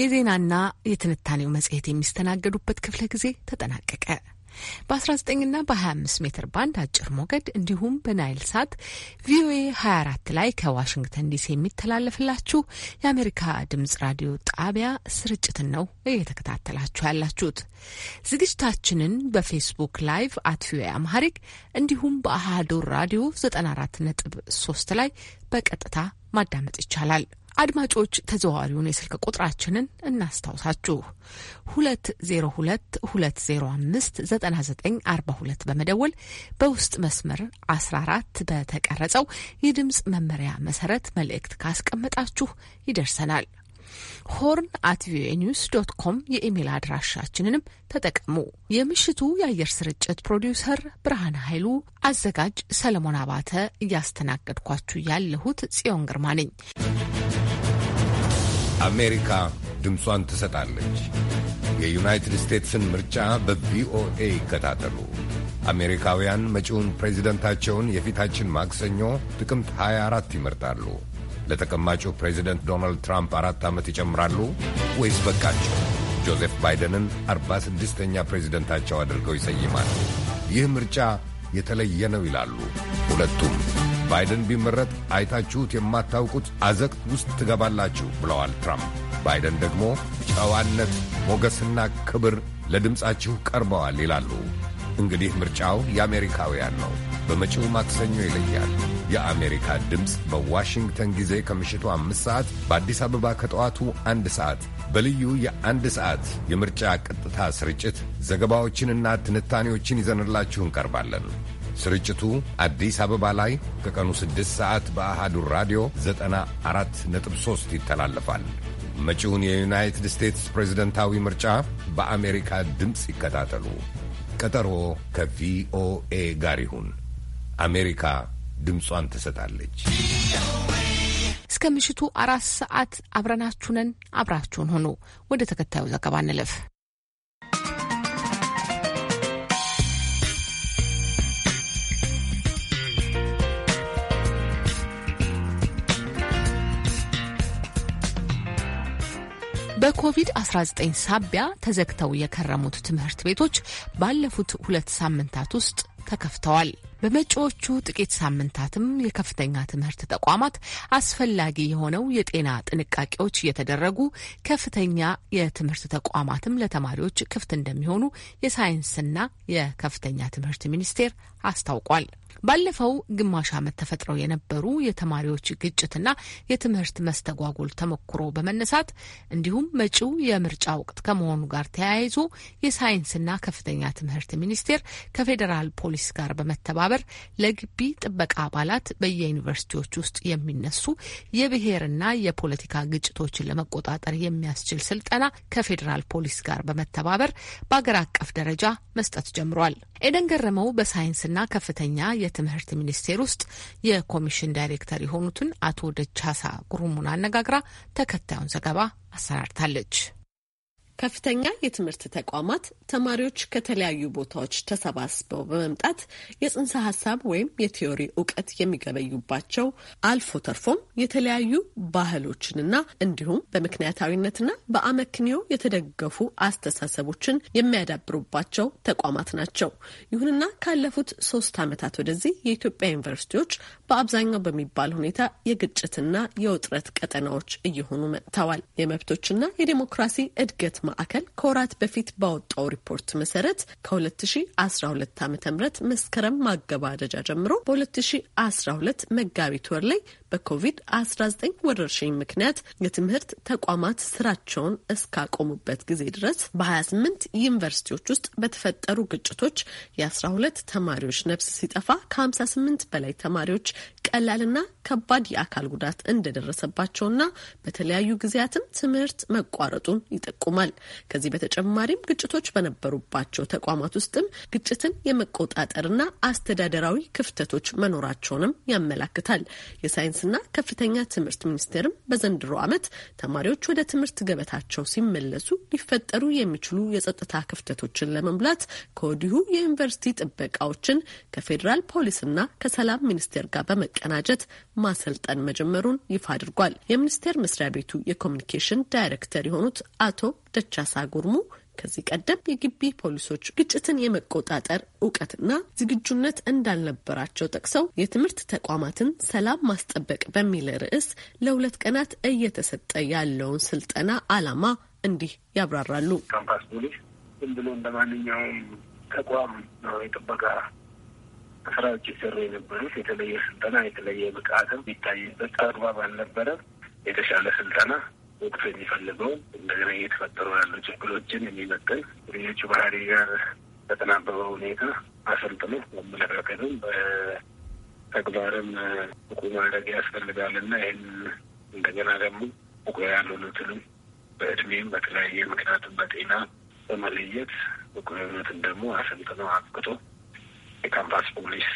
የዜናና የትንታኔው መጽሔት የሚስተናገዱበት ክፍለ ጊዜ ተጠናቀቀ። በ19 ና በ25 ሜትር ባንድ አጭር ሞገድ እንዲሁም በናይል ሳት ቪኦኤ 24 ላይ ከዋሽንግተን ዲሲ የሚተላለፍላችሁ የአሜሪካ ድምጽ ራዲዮ ጣቢያ ስርጭትን ነው እየተከታተላችሁ ያላችሁት። ዝግጅታችንን በፌስቡክ ላይቭ አት ቪኦኤ አምሃሪክ እንዲሁም በአሃዶር ራዲዮ 94.3 ላይ በቀጥታ ማዳመጥ ይቻላል። አድማጮች ተዘዋዋሪውን የስልክ ቁጥራችንን እናስታውሳችሁ። 2022059942 በመደወል በውስጥ መስመር 14 በተቀረጸው የድምፅ መመሪያ መሰረት መልእክት ካስቀመጣችሁ ይደርሰናል። ሆርን አት ቪኦኤ ኒውስ ዶት ኮም የኢሜል አድራሻችንንም ተጠቀሙ። የምሽቱ የአየር ስርጭት ፕሮዲውሰር ብርሃን ኃይሉ፣ አዘጋጅ ሰለሞን አባተ፣ እያስተናገድኳችሁ ያለሁት ጽዮን ግርማ ነኝ። አሜሪካ ድምጿን ትሰጣለች። የዩናይትድ ስቴትስን ምርጫ በቪኦኤ ይከታተሉ። አሜሪካውያን መጪውን ፕሬዚደንታቸውን የፊታችን ማክሰኞ ጥቅምት 24 ይመርጣሉ። ለተቀማጩ ፕሬዚደንት ዶናልድ ትራምፕ አራት ዓመት ይጨምራሉ ወይስ በቃቸው? ጆዜፍ ባይደንን 46 ስድስተኛ ፕሬዚደንታቸው አድርገው ይሰይማል። ይህ ምርጫ የተለየ ነው ይላሉ ሁለቱም። ባይደን ቢመረጥ አይታችሁት የማታውቁት አዘቅት ውስጥ ትገባላችሁ ብለዋል ትራምፕ። ባይደን ደግሞ ጨዋነት፣ ሞገስና ክብር ለድምፃችሁ ቀርበዋል ይላሉ። እንግዲህ ምርጫው የአሜሪካውያን ነው። በመጪው ማክሰኞ ይለያል። የአሜሪካ ድምፅ በዋሽንግተን ጊዜ ከምሽቱ አምስት ሰዓት በአዲስ አበባ ከጠዋቱ አንድ ሰዓት በልዩ የአንድ ሰዓት የምርጫ ቀጥታ ስርጭት ዘገባዎችንና ትንታኔዎችን ይዘንላችሁ እንቀርባለን። ስርጭቱ አዲስ አበባ ላይ ከቀኑ 6 ሰዓት በአሃዱ ራዲዮ 94.3 ይተላለፋል። መጪውን የዩናይትድ ስቴትስ ፕሬዝደንታዊ ምርጫ በአሜሪካ ድምፅ ይከታተሉ። ቀጠሮ ከቪኦኤ ጋር ይሁን። አሜሪካ ድምጿን ትሰጣለች። እስከ ምሽቱ አራት ሰዓት አብረናችሁንን አብራችሁን ሆኑ። ወደ ተከታዩ ዘገባ እንለፍ። በኮቪድ-19 ሳቢያ ተዘግተው የከረሙት ትምህርት ቤቶች ባለፉት ሁለት ሳምንታት ውስጥ ተከፍተዋል። በመጪዎቹ ጥቂት ሳምንታትም የከፍተኛ ትምህርት ተቋማት አስፈላጊ የሆነው የጤና ጥንቃቄዎች እየተደረጉ ከፍተኛ የትምህርት ተቋማትም ለተማሪዎች ክፍት እንደሚሆኑ የሳይንስና የከፍተኛ ትምህርት ሚኒስቴር አስታውቋል። ባለፈው ግማሽ ዓመት ተፈጥረው የነበሩ የተማሪዎች ግጭትና የትምህርት መስተጓጎል ተሞክሮ በመነሳት እንዲሁም መጪው የምርጫ ወቅት ከመሆኑ ጋር ተያይዞ የሳይንስና ከፍተኛ ትምህርት ሚኒስቴር ከፌዴራል ፖሊስ ጋር በመተባበር ለግቢ ጥበቃ አባላት በየዩኒቨርሲቲዎች ውስጥ የሚነሱ የብሔርና የፖለቲካ ግጭቶችን ለመቆጣጠር የሚያስችል ስልጠና ከፌዴራል ፖሊስ ጋር በመተባበር በአገር አቀፍ ደረጃ መስጠት ጀምሯል። ኤደን ገረመው በሳይንስና ከፍተኛ የትምህርት ሚኒስቴር ውስጥ የኮሚሽን ዳይሬክተር የሆኑትን አቶ ደቻሳ ጉሩሙን አነጋግራ ተከታዩን ዘገባ አሰናድታለች። ከፍተኛ የትምህርት ተቋማት ተማሪዎች ከተለያዩ ቦታዎች ተሰባስበው በመምጣት የጽንሰ ሀሳብ ወይም የቲዮሪ እውቀት የሚገበዩባቸው አልፎ ተርፎም የተለያዩ ባህሎችንና እንዲሁም በምክንያታዊነትና በአመክንዮ የተደገፉ አስተሳሰቦችን የሚያዳብሩባቸው ተቋማት ናቸው። ይሁንና ካለፉት ሶስት ዓመታት ወደዚህ የኢትዮጵያ ዩኒቨርሲቲዎች በአብዛኛው በሚባል ሁኔታ የግጭትና የውጥረት ቀጠናዎች እየሆኑ መጥተዋል። የመብቶችና የዴሞክራሲ እድገት ማዕከል ከወራት በፊት ባወጣው ሪፖርት መሰረት ከ2012 ዓ ም መስከረም ማገባደጃ ጀምሮ በ2012 መጋቢት ወር ላይ በኮቪድ-19 ወረርሽኝ ምክንያት የትምህርት ተቋማት ስራቸውን እስካቆሙበት ጊዜ ድረስ በ28 ዩኒቨርሲቲዎች ውስጥ በተፈጠሩ ግጭቶች የ12 ተማሪዎች ነፍስ ሲጠፋ ከ58 በላይ ተማሪዎች ቀላልና ከባድ የአካል ጉዳት እንደደረሰባቸውና በተለያዩ ጊዜያትም ትምህርት መቋረጡን ይጠቁማል። ከዚህ በተጨማሪም ግጭቶች በነበሩባቸው ተቋማት ውስጥም ግጭትን የመቆጣጠርና አስተዳደራዊ ክፍተቶች መኖራቸውንም ያመላክታል። የሳይንስና ከፍተኛ ትምህርት ሚኒስቴርም በዘንድሮ ዓመት ተማሪዎች ወደ ትምህርት ገበታቸው ሲመለሱ ሊፈጠሩ የሚችሉ የጸጥታ ክፍተቶችን ለመሙላት ከወዲሁ የዩኒቨርሲቲ ጥበቃዎችን ከፌዴራል ፖሊስና ከሰላም ሚኒስቴር ጋር በመቀ በማቀናጀት ማሰልጠን መጀመሩን ይፋ አድርጓል። የሚኒስቴር መስሪያ ቤቱ የኮሚኒኬሽን ዳይሬክተር የሆኑት አቶ ደቻሳ ጉርሙ ከዚህ ቀደም የግቢ ፖሊሶች ግጭትን የመቆጣጠር እውቀትና ዝግጁነት እንዳልነበራቸው ጠቅሰው የትምህርት ተቋማትን ሰላም ማስጠበቅ በሚል ርዕስ ለሁለት ቀናት እየተሰጠ ያለውን ስልጠና ዓላማ እንዲህ ያብራራሉ። ካምፓስ ፖሊስ ዝም ብሎ እንደ ማንኛውም ተቋም ነው የጥበቃ ስራዎች ይሰሩ የነበሩት የተለየ ስልጠና የተለየ ብቃትም ይታይበት አግባብ አልነበረም። የተሻለ ስልጠና ወቅቱ የሚፈልገው እንደገና እየተፈጠሩ ያሉ ችግሮችን የሚመጥን ልጆቹ ባህሪ ጋር በተናበበ ሁኔታ አሰልጥኖ አመለካከትም በተግባርም ብቁ ማድረግ ያስፈልጋል ያስፈልጋልና ይህን እንደገና ደግሞ ብቁ ያልሆኑትንም በእድሜም በተለያየ ምክንያትም በጤና በመለየት ብቁ የሆኑትን ደግሞ አሰልጥኖ አብቅቶ የካምፓስ ፖሊስ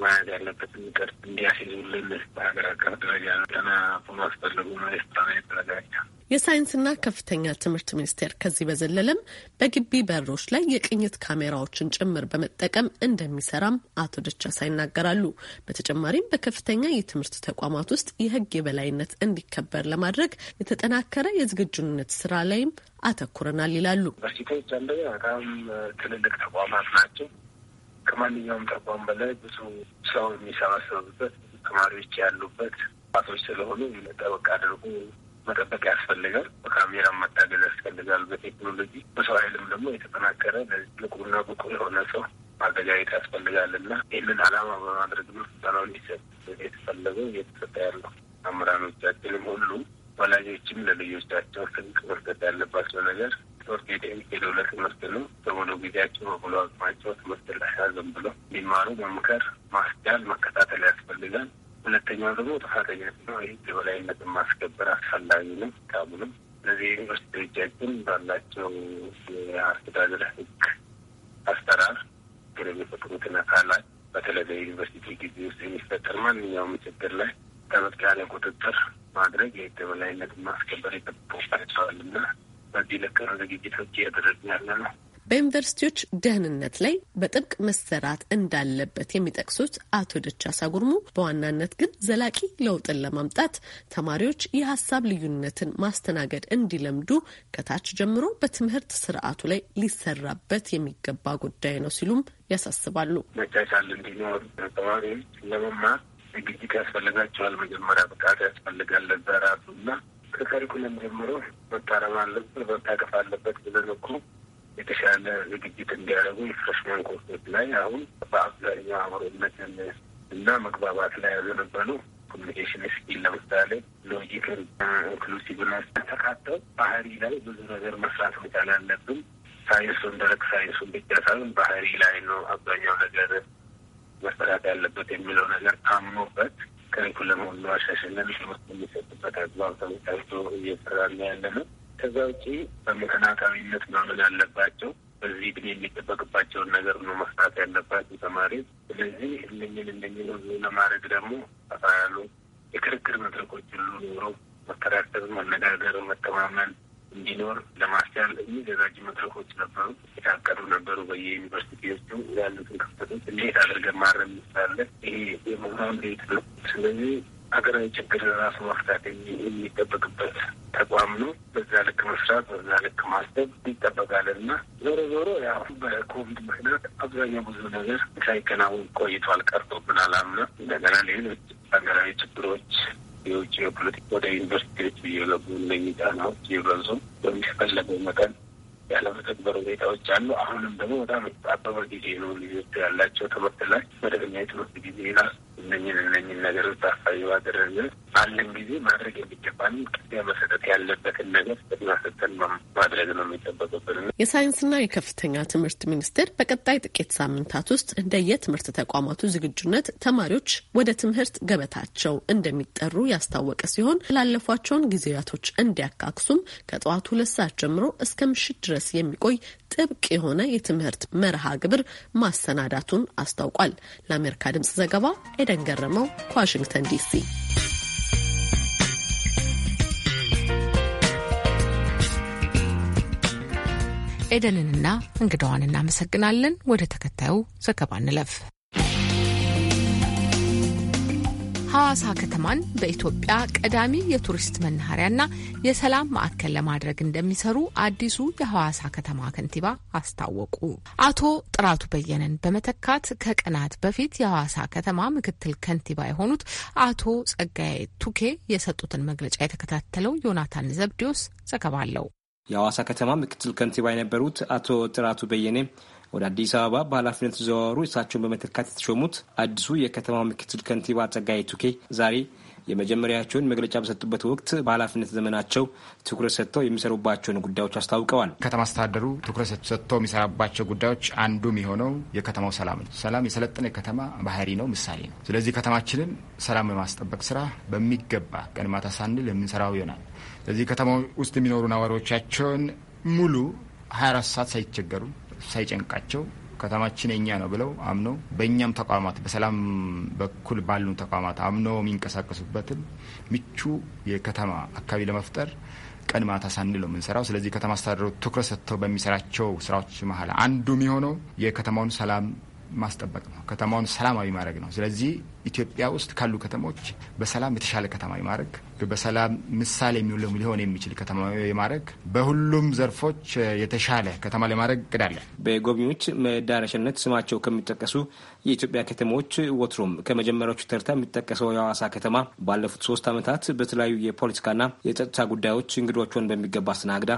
መያዝ ያለበትን ቅርጽ እንዲያስይዙልን በሀገር አቀፍ ደረጃ ጠና በማስፈለጉ ነው የስልጠና የተዘጋጀ። የሳይንስና ከፍተኛ ትምህርት ሚኒስቴር ከዚህ በዘለለም በግቢ በሮች ላይ የቅኝት ካሜራዎችን ጭምር በመጠቀም እንደሚሰራም አቶ ደቻሳ ይናገራሉ። በተጨማሪም በከፍተኛ የትምህርት ተቋማት ውስጥ የሕግ የበላይነት እንዲከበር ለማድረግ የተጠናከረ የዝግጁነት ስራ ላይም አተኩረናል ይላሉ። ዩኒቨርሲቲዎች አንደኛ በጣም ትልልቅ ተቋማት ናቸው። ከማንኛውም ተቋም በላይ ብዙ ሰው የሚሰባሰቡበት ተማሪዎች ያሉበት ባቶች ስለሆኑ ጠበቅ አድርጎ መጠበቅ ያስፈልጋል። በካሜራ መታገዝ ያስፈልጋል። በቴክኖሎጂ በሰው ኃይልም ደግሞ የተጠናከረ ንቁና ብቁ የሆነ ሰው ማዘጋጀት ያስፈልጋል እና ይህንን ዓላማ በማድረግ ነው ስልጠናው እንዲሰጥ የተፈለገው እየተሰጠ ያለው አምራኖቻችንም ሁሉም ወላጆችም ለልጆቻቸው ስንቅ መስጠት ያለባቸው ነገር ትምህርት ቤት ሄደው ለትምህርት ነው በሙሉ ጊዜያቸው በሙሉ አቅማቸው ትምህርት ላሻዘም ብሎ እንዲማሩ በምክር ማስቻል መከታተል ያስፈልጋል። ሁለተኛው ደግሞ ጥፋተኛ ነው። ይህ የበላይነትን ማስከበር አስፈላጊ ነው ካቡንም እነዚህ ዩኒቨርሲቲዎቻችን ባላቸው የአስተዳደር ህግ አሰራር የሚፈጥሩትን አካላት በተለይ በዩኒቨርሲቲ ጊዜ ውስጥ የሚፈጠር ማንኛውም ችግር ላይ ተመጥቃሪ ቁጥጥር ማድረግ የህግ የበላይነትን ማስከበር ይጠበቅባቸዋልና በዚህ ልክ ነው ዝግጅቶች እያደረግን ያለ ነው። በዩኒቨርሲቲዎች ደህንነት ላይ በጥብቅ መሰራት እንዳለበት የሚጠቅሱት አቶ ደቻሳ ጉርሙ በዋናነት ግን ዘላቂ ለውጥን ለማምጣት ተማሪዎች የሀሳብ ልዩነትን ማስተናገድ እንዲለምዱ ከታች ጀምሮ በትምህርት ስርዓቱ ላይ ሊሰራበት የሚገባ ጉዳይ ነው ሲሉም ያሳስባሉ። መቻቻል እንዲኖር ተማሪዎች ለመማር ዝግጅት ያስፈልጋቸዋል። መጀመሪያ ብቃት ያስፈልጋል ለዛ ራሱ እና ከካሪኩለም ጀምሮ መታረም አለበት መታቀፍ አለበት ብለን እኮ የተሻለ ዝግጅት እንዲያደርጉ የፍሬሽማን ኮርሶች ላይ አሁን በአብዛኛው አብሮነትን እና መግባባት ላይ ያዘነበሉ ኮሚኒኬሽን ስኪል ለምሳሌ ሎጂክን ኢንክሉሲቭነስ ተካተው ባህሪ ላይ ብዙ ነገር መስራት መቻል አለብን። ሳይንሱን ደረግ ሳይንሱን ብቻ ሳይሆን ባህሪ ላይ ነው አብዛኛው ነገር መሰራት ያለበት የሚለው ነገር ታምኖበት ከሪኩለም ሁሉ አሻሽለን ትምህርት የሚሰጥበት አግባብ ተመቻችቶ እየሰራ ነው ያለ ነው። ከዛ ውጪ በምክንያታዊነት ማመን አለባቸው። በዚህ ግን የሚጠበቅባቸውን ነገር ነው መስራት ያለባቸው ተማሪ። ስለዚህ እነኝን እነኝን ሁሉ ለማድረግ ደግሞ ሰፋ ያሉ የክርክር መድረኮች ሁሉ ኖረው መከራከር፣ መነጋገር፣ መተማመን እንዲኖር ለማስቻል የሚዘጋጁ መድረኮች ነበሩ፣ የታቀዱ ነበሩ። ውስጥ ያሉትን ክፍተቶች እንዴት አድርገን ማረም ይችላለ። ይሄ የመሆን ቤት ነው። ስለዚህ ሀገራዊ ችግር ራሱ መፍታት የሚጠበቅበት ተቋም ነው። በዛ ልክ መስራት፣ በዛ ልክ ማሰብ ይጠበቃል እና ዞሮ ዞሮ ያው በኮቪድ ምክንያት አብዛኛው ብዙ ነገር ሳይከናወን ቆይቷል። ቀርቶብናል አምና እንደገና ሌሎች ሀገራዊ ችግሮች የውጭ የፖለቲካ ወደ ዩኒቨርሲቲዎች እየገቡ እነኚህ ጫናዎች እየበዙ በሚፈለገው መጠን ያለመተግበር ሁኔታዎች አሉ። አሁንም ደግሞ በጣም አበበ ጊዜ ነው ልጆቹ ያላቸው ትምህርት ላይ መደበኛ የትምህርት ጊዜ ይላል እነኝን እነኝን ነገሮች ታሳቢ ባደረገ ባለን ጊዜ ማድረግ የሚገባን ቅድሚያ መሰጠት ያለበትን ነገር ቅድሚያ ሰጥተን ማድረግ ነው የሚጠበቅብን። የሳይንስና የከፍተኛ ትምህርት ሚኒስቴር በቀጣይ ጥቂት ሳምንታት ውስጥ እንደ የትምህርት ተቋማቱ ዝግጁነት ተማሪዎች ወደ ትምህርት ገበታቸው እንደሚጠሩ ያስታወቀ ሲሆን ላለፏቸውን ጊዜያቶች እንዲያካክሱም ከጠዋቱ ሁለት ሰዓት ጀምሮ እስከ ምሽት ድረስ የሚቆይ ጥብቅ የሆነ የትምህርት መርሃ ግብር ማሰናዳቱን አስታውቋል። ለአሜሪካ ድምጽ ዘገባ ኤደን ገረመው ከዋሽንግተን ዲሲ። ኤደንንና እንግዳዋን እናመሰግናለን። ወደ ተከታዩ ዘገባ እንለፍ። ሐዋሳ ከተማን በኢትዮጵያ ቀዳሚ የቱሪስት መናኸሪያና የሰላም ማዕከል ለማድረግ እንደሚሰሩ አዲሱ የሐዋሳ ከተማ ከንቲባ አስታወቁ። አቶ ጥራቱ በየነን በመተካት ከቀናት በፊት የሐዋሳ ከተማ ምክትል ከንቲባ የሆኑት አቶ ጸጋዬ ቱኬ የሰጡትን መግለጫ የተከታተለው ዮናታን ዘብዲዮስ ዘገባ አለው። የሐዋሳ ከተማ ምክትል ከንቲባ የነበሩት አቶ ጥራቱ በየኔ ወደ አዲስ አበባ በኃላፊነት ሲዘዋወሩ እሳቸውን በመተካት የተሾሙት አዲሱ የከተማው ምክትል ከንቲባ ጸጋዬ ቱኬ ዛሬ የመጀመሪያቸውን መግለጫ በሰጡበት ወቅት በኃላፊነት ዘመናቸው ትኩረት ሰጥተው የሚሰሩባቸውን ጉዳዮች አስታውቀዋል። ከተማ አስተዳደሩ ትኩረት ሰጥተው የሚሰራባቸው ጉዳዮች አንዱ የሆነው የከተማው ሰላም ነው። ሰላም የሰለጠነ ከተማ ባህሪ ነው፣ ምሳሌ ነው። ስለዚህ ከተማችንን ሰላም በማስጠበቅ ስራ በሚገባ ቀን ማታ ሳንል የምንሰራው ይሆናል። ስለዚህ ከተማ ውስጥ የሚኖሩ ነዋሪዎቻቸውን ሙሉ 24 ሰዓት ሳይቸገሩ ሳይጨንቃቸው ከተማችን የኛ ነው ብለው አምነው በእኛም ተቋማት በሰላም በኩል ባሉ ተቋማት አምኖ የሚንቀሳቀሱበትን ምቹ የከተማ አካባቢ ለመፍጠር ቀን ማታ ሳንል የምንሰራው። ስለዚህ ከተማ አስተዳደሩ ትኩረት ሰጥተው በሚሰራቸው ስራዎች መሀል አንዱ የሚሆነው የከተማውን ሰላም ማስጠበቅ ነው። ከተማውን ሰላማዊ ማድረግ ነው። ስለዚህ ኢትዮጵያ ውስጥ ካሉ ከተሞች በሰላም የተሻለ ከተማ የማድረግ በሰላም ምሳሌ የሚውለም ሊሆን የሚችል ከተማ የማድረግ በሁሉም ዘርፎች የተሻለ ከተማ ለማድረግ እቅዳለን። በጎብኚዎች መዳረሻነት ስማቸው ከሚጠቀሱ የኢትዮጵያ ከተሞች ወትሮም ከመጀመሪያዎቹ ተርታ የሚጠቀሰው የሐዋሳ ከተማ ባለፉት ሶስት ዓመታት በተለያዩ የፖለቲካና የጸጥታ ጉዳዮች እንግዶቿን በሚገባ አስተናግዳ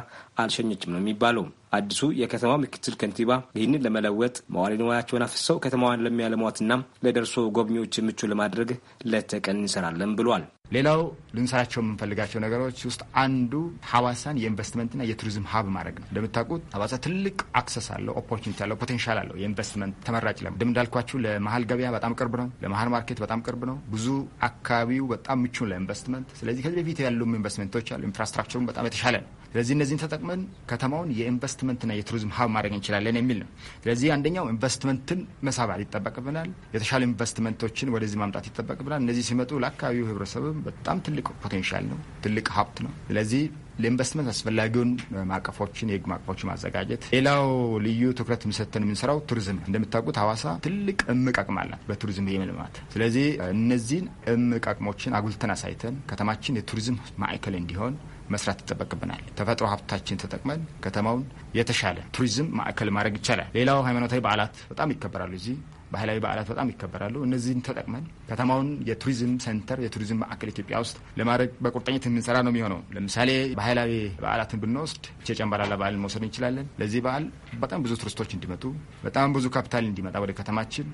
አልሸኘችም ነው የሚባለው። አዲሱ የከተማ ምክትል ከንቲባ ይህንን ለመለወጥ መዋዕለ ንዋያቸውን አፍሰው ከተማዋን ለሚያለሟትና ለደርሶ ጎብኚዎች ምቹ ለማድረግ ለተቀን እንሰራለን ብሏል። ሌላው ልንሰራቸው የምንፈልጋቸው ነገሮች ውስጥ አንዱ ሐዋሳን የኢንቨስትመንትና የቱሪዝም ሀብ ማድረግ ነው። እንደምታውቁት ሐዋሳ ትልቅ አክሰስ አለው፣ ኦፖርቹኒቲ አለው፣ ፖቴንሻል አለው። የኢንቨስትመንት ተመራጭ ለም እንዳልኳችሁ ለመሀል ገበያ በጣም ቅርብ ነው፣ ለመሀል ማርኬት በጣም ቅርብ ነው። ብዙ አካባቢው በጣም ምቹ ለኢንቨስትመንት። ስለዚህ ከዚህ በፊት ያሉ ኢንቨስትመንቶች አሉ፣ ኢንፍራስትራክቸሩን በጣም የተሻለ ነው። ስለዚህ እነዚህን ተጠቅመን ከተማውን የኢንቨስትመንትና የቱሪዝም ሀብ ማድረግ እንችላለን የሚል ነው። ስለዚህ አንደኛው ኢንቨስትመንትን መሳብ ይጠበቅብናል። የተሻለ ኢንቨስትመንቶችን ወደዚህ ማምጣት ይጠበቅብናል። እነዚህ ሲመጡ ለአካባቢው ህብረተሰብም በጣም ትልቅ ፖቴንሻል ነው፣ ትልቅ ሀብት ነው። ስለዚህ ለኢንቨስትመንት አስፈላጊውን ማቀፎችን የህግ ማቀፎች ማዘጋጀት። ሌላው ልዩ ትኩረት የሚሰጠን የምንሰራው ቱሪዝም፣ እንደምታውቁት ሀዋሳ ትልቅ እምቅ አቅም አላት በቱሪዝም የልማት። ስለዚህ እነዚህን እምቅ አቅሞችን አጉልተን አሳይተን ከተማችን የቱሪዝም ማዕከል እንዲሆን መስራት ይጠበቅብናል። ተፈጥሮ ሀብታችን ተጠቅመን ከተማውን የተሻለ ቱሪዝም ማዕከል ማድረግ ይቻላል። ሌላው ሃይማኖታዊ በዓላት በጣም ይከበራሉ። እዚህ ባህላዊ በዓላት በጣም ይከበራሉ። እነዚህን ተጠቅመን ከተማውን የቱሪዝም ሴንተር፣ የቱሪዝም ማዕከል ኢትዮጵያ ውስጥ ለማድረግ በቁርጠኝት የምንሰራ ነው የሚሆነው። ለምሳሌ ባህላዊ በዓላትን ብንወስድ የጨምባላላ በዓልን መውሰድ እንችላለን። ለዚህ በዓል በጣም ብዙ ቱሪስቶች እንዲመጡ፣ በጣም ብዙ ካፒታል እንዲመጣ ወደ ከተማችን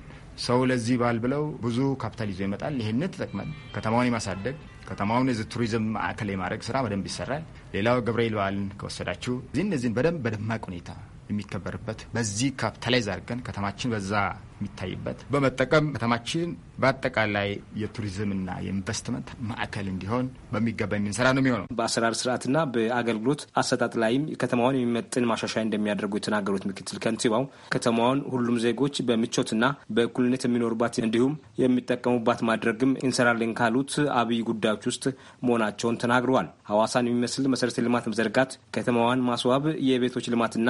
ሰው ለዚህ በዓል ብለው ብዙ ካፒታል ይዞ ይመጣል። ይህንን ተጠቅመን ከተማውን የማሳደግ ከተማውን የዚህ ቱሪዝም ማዕከል የማድረግ ስራ በደንብ ይሰራል። ሌላው ገብርኤል በዓልን ከወሰዳችሁ እዚህ እነዚህን በደንብ በደማቅ ሁኔታ የሚከበርበት በዚህ ካፒታላይዝ አድርገን ከተማችን በዛ የሚታይበት በመጠቀም ከተማችን በአጠቃላይ የቱሪዝምና የኢንቨስትመንት ማዕከል እንዲሆን በሚገባ የሚንሰራ ነው የሚሆነው። በአሰራር ስርዓትና በአገልግሎት አሰጣጥ ላይም ከተማዋን የሚመጥን ማሻሻያ እንደሚያደርጉ የተናገሩት ምክትል ከንቲባው ከተማዋን ሁሉም ዜጎች በምቾትና በእኩልነት የሚኖሩባት እንዲሁም የሚጠቀሙባት ማድረግም እንሰራለን ካሉት አብይ ጉዳዮች ውስጥ መሆናቸውን ተናግረዋል። ሐዋሳን የሚመስል መሰረተ ልማት መዘርጋት፣ ከተማዋን ማስዋብ፣ የቤቶች ልማትና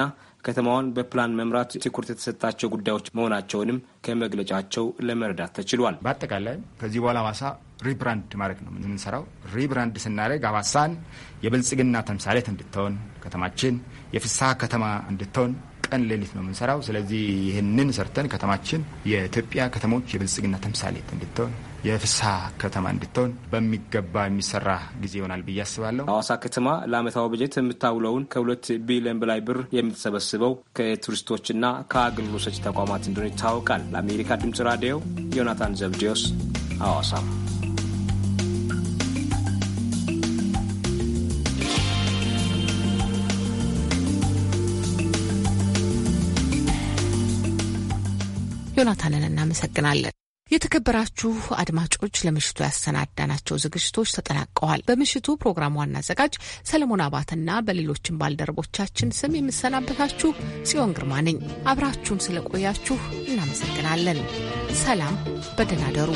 ከተማዋን በፕላን መምራት ትኩረት የተሰጣቸው ጉዳዮች መሆናቸውንም ከመግለጫቸው ለመረዳት ተችሏል። በአጠቃላይ ከዚህ በኋላ ሀዋሳ ሪብራንድ ማድረግ ነው የምንሰራው። ሪብራንድ ስናደርግ ሀዋሳን የብልጽግና ተምሳሌት እንድትሆን ከተማችን የፍስሐ ከተማ እንድትሆን ቀን ሌሊት ነው የምንሰራው። ስለዚህ ይህንን ሰርተን ከተማችን የኢትዮጵያ ከተሞች የብልጽግና ተምሳሌት እንድትሆን የፍሳ ከተማ እንድትሆን በሚገባ የሚሰራ ጊዜ ይሆናል ብዬ አስባለሁ። ሐዋሳ ከተማ ለአመታዊ በጀት የምታውለውን ከሁለት ቢሊዮን በላይ ብር የምትሰበስበው ከቱሪስቶችና ከአገልግሎት ሰጪ ተቋማት እንደሆነ ይታወቃል። ለአሜሪካ ድምጽ ራዲዮ ዮናታን ዘብዲዮስ ሐዋሳም ዮናታንን እናመሰግናለን። የተከበራችሁ አድማጮች ለምሽቱ ያሰናዳናቸው ዝግጅቶች ተጠናቀዋል። በምሽቱ ፕሮግራም ዋና አዘጋጅ ሰለሞን አባትና በሌሎችን ባልደረቦቻችን ስም የምሰናበታችሁ ጽዮን ግርማ ነኝ። አብራችሁን ስለቆያችሁ እናመሰግናለን። ሰላም፣ በደህና ደሩ።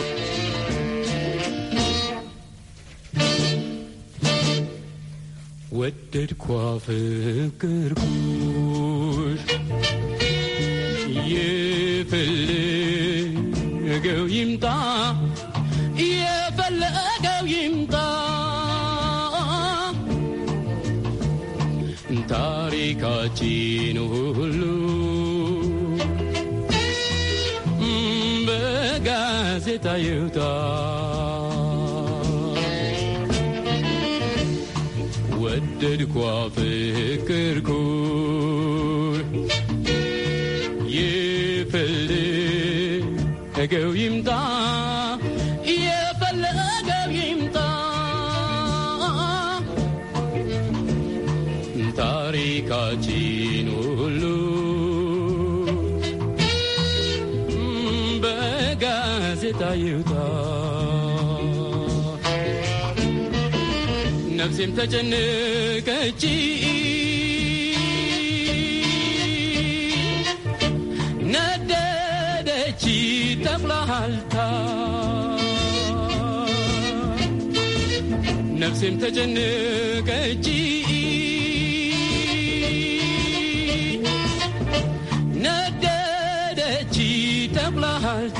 ወደድኳ ፍቅርኩሽ የፈለገው ይምጣ የፈለገው ይምጣ ታሪካችን ሁሉ በጋዜጣ ይውጣ ወደድኳ ፍቅርኩ የፈለገው ይምጣ የፈለገው ይምጣ ታሪካችን ሁሉ በጋዜጣ ይውጣ። ነፍሴም ተጨነቀች አልታ ነፍሴም ተጨነቀ እጂ ነደደች ተብላሃል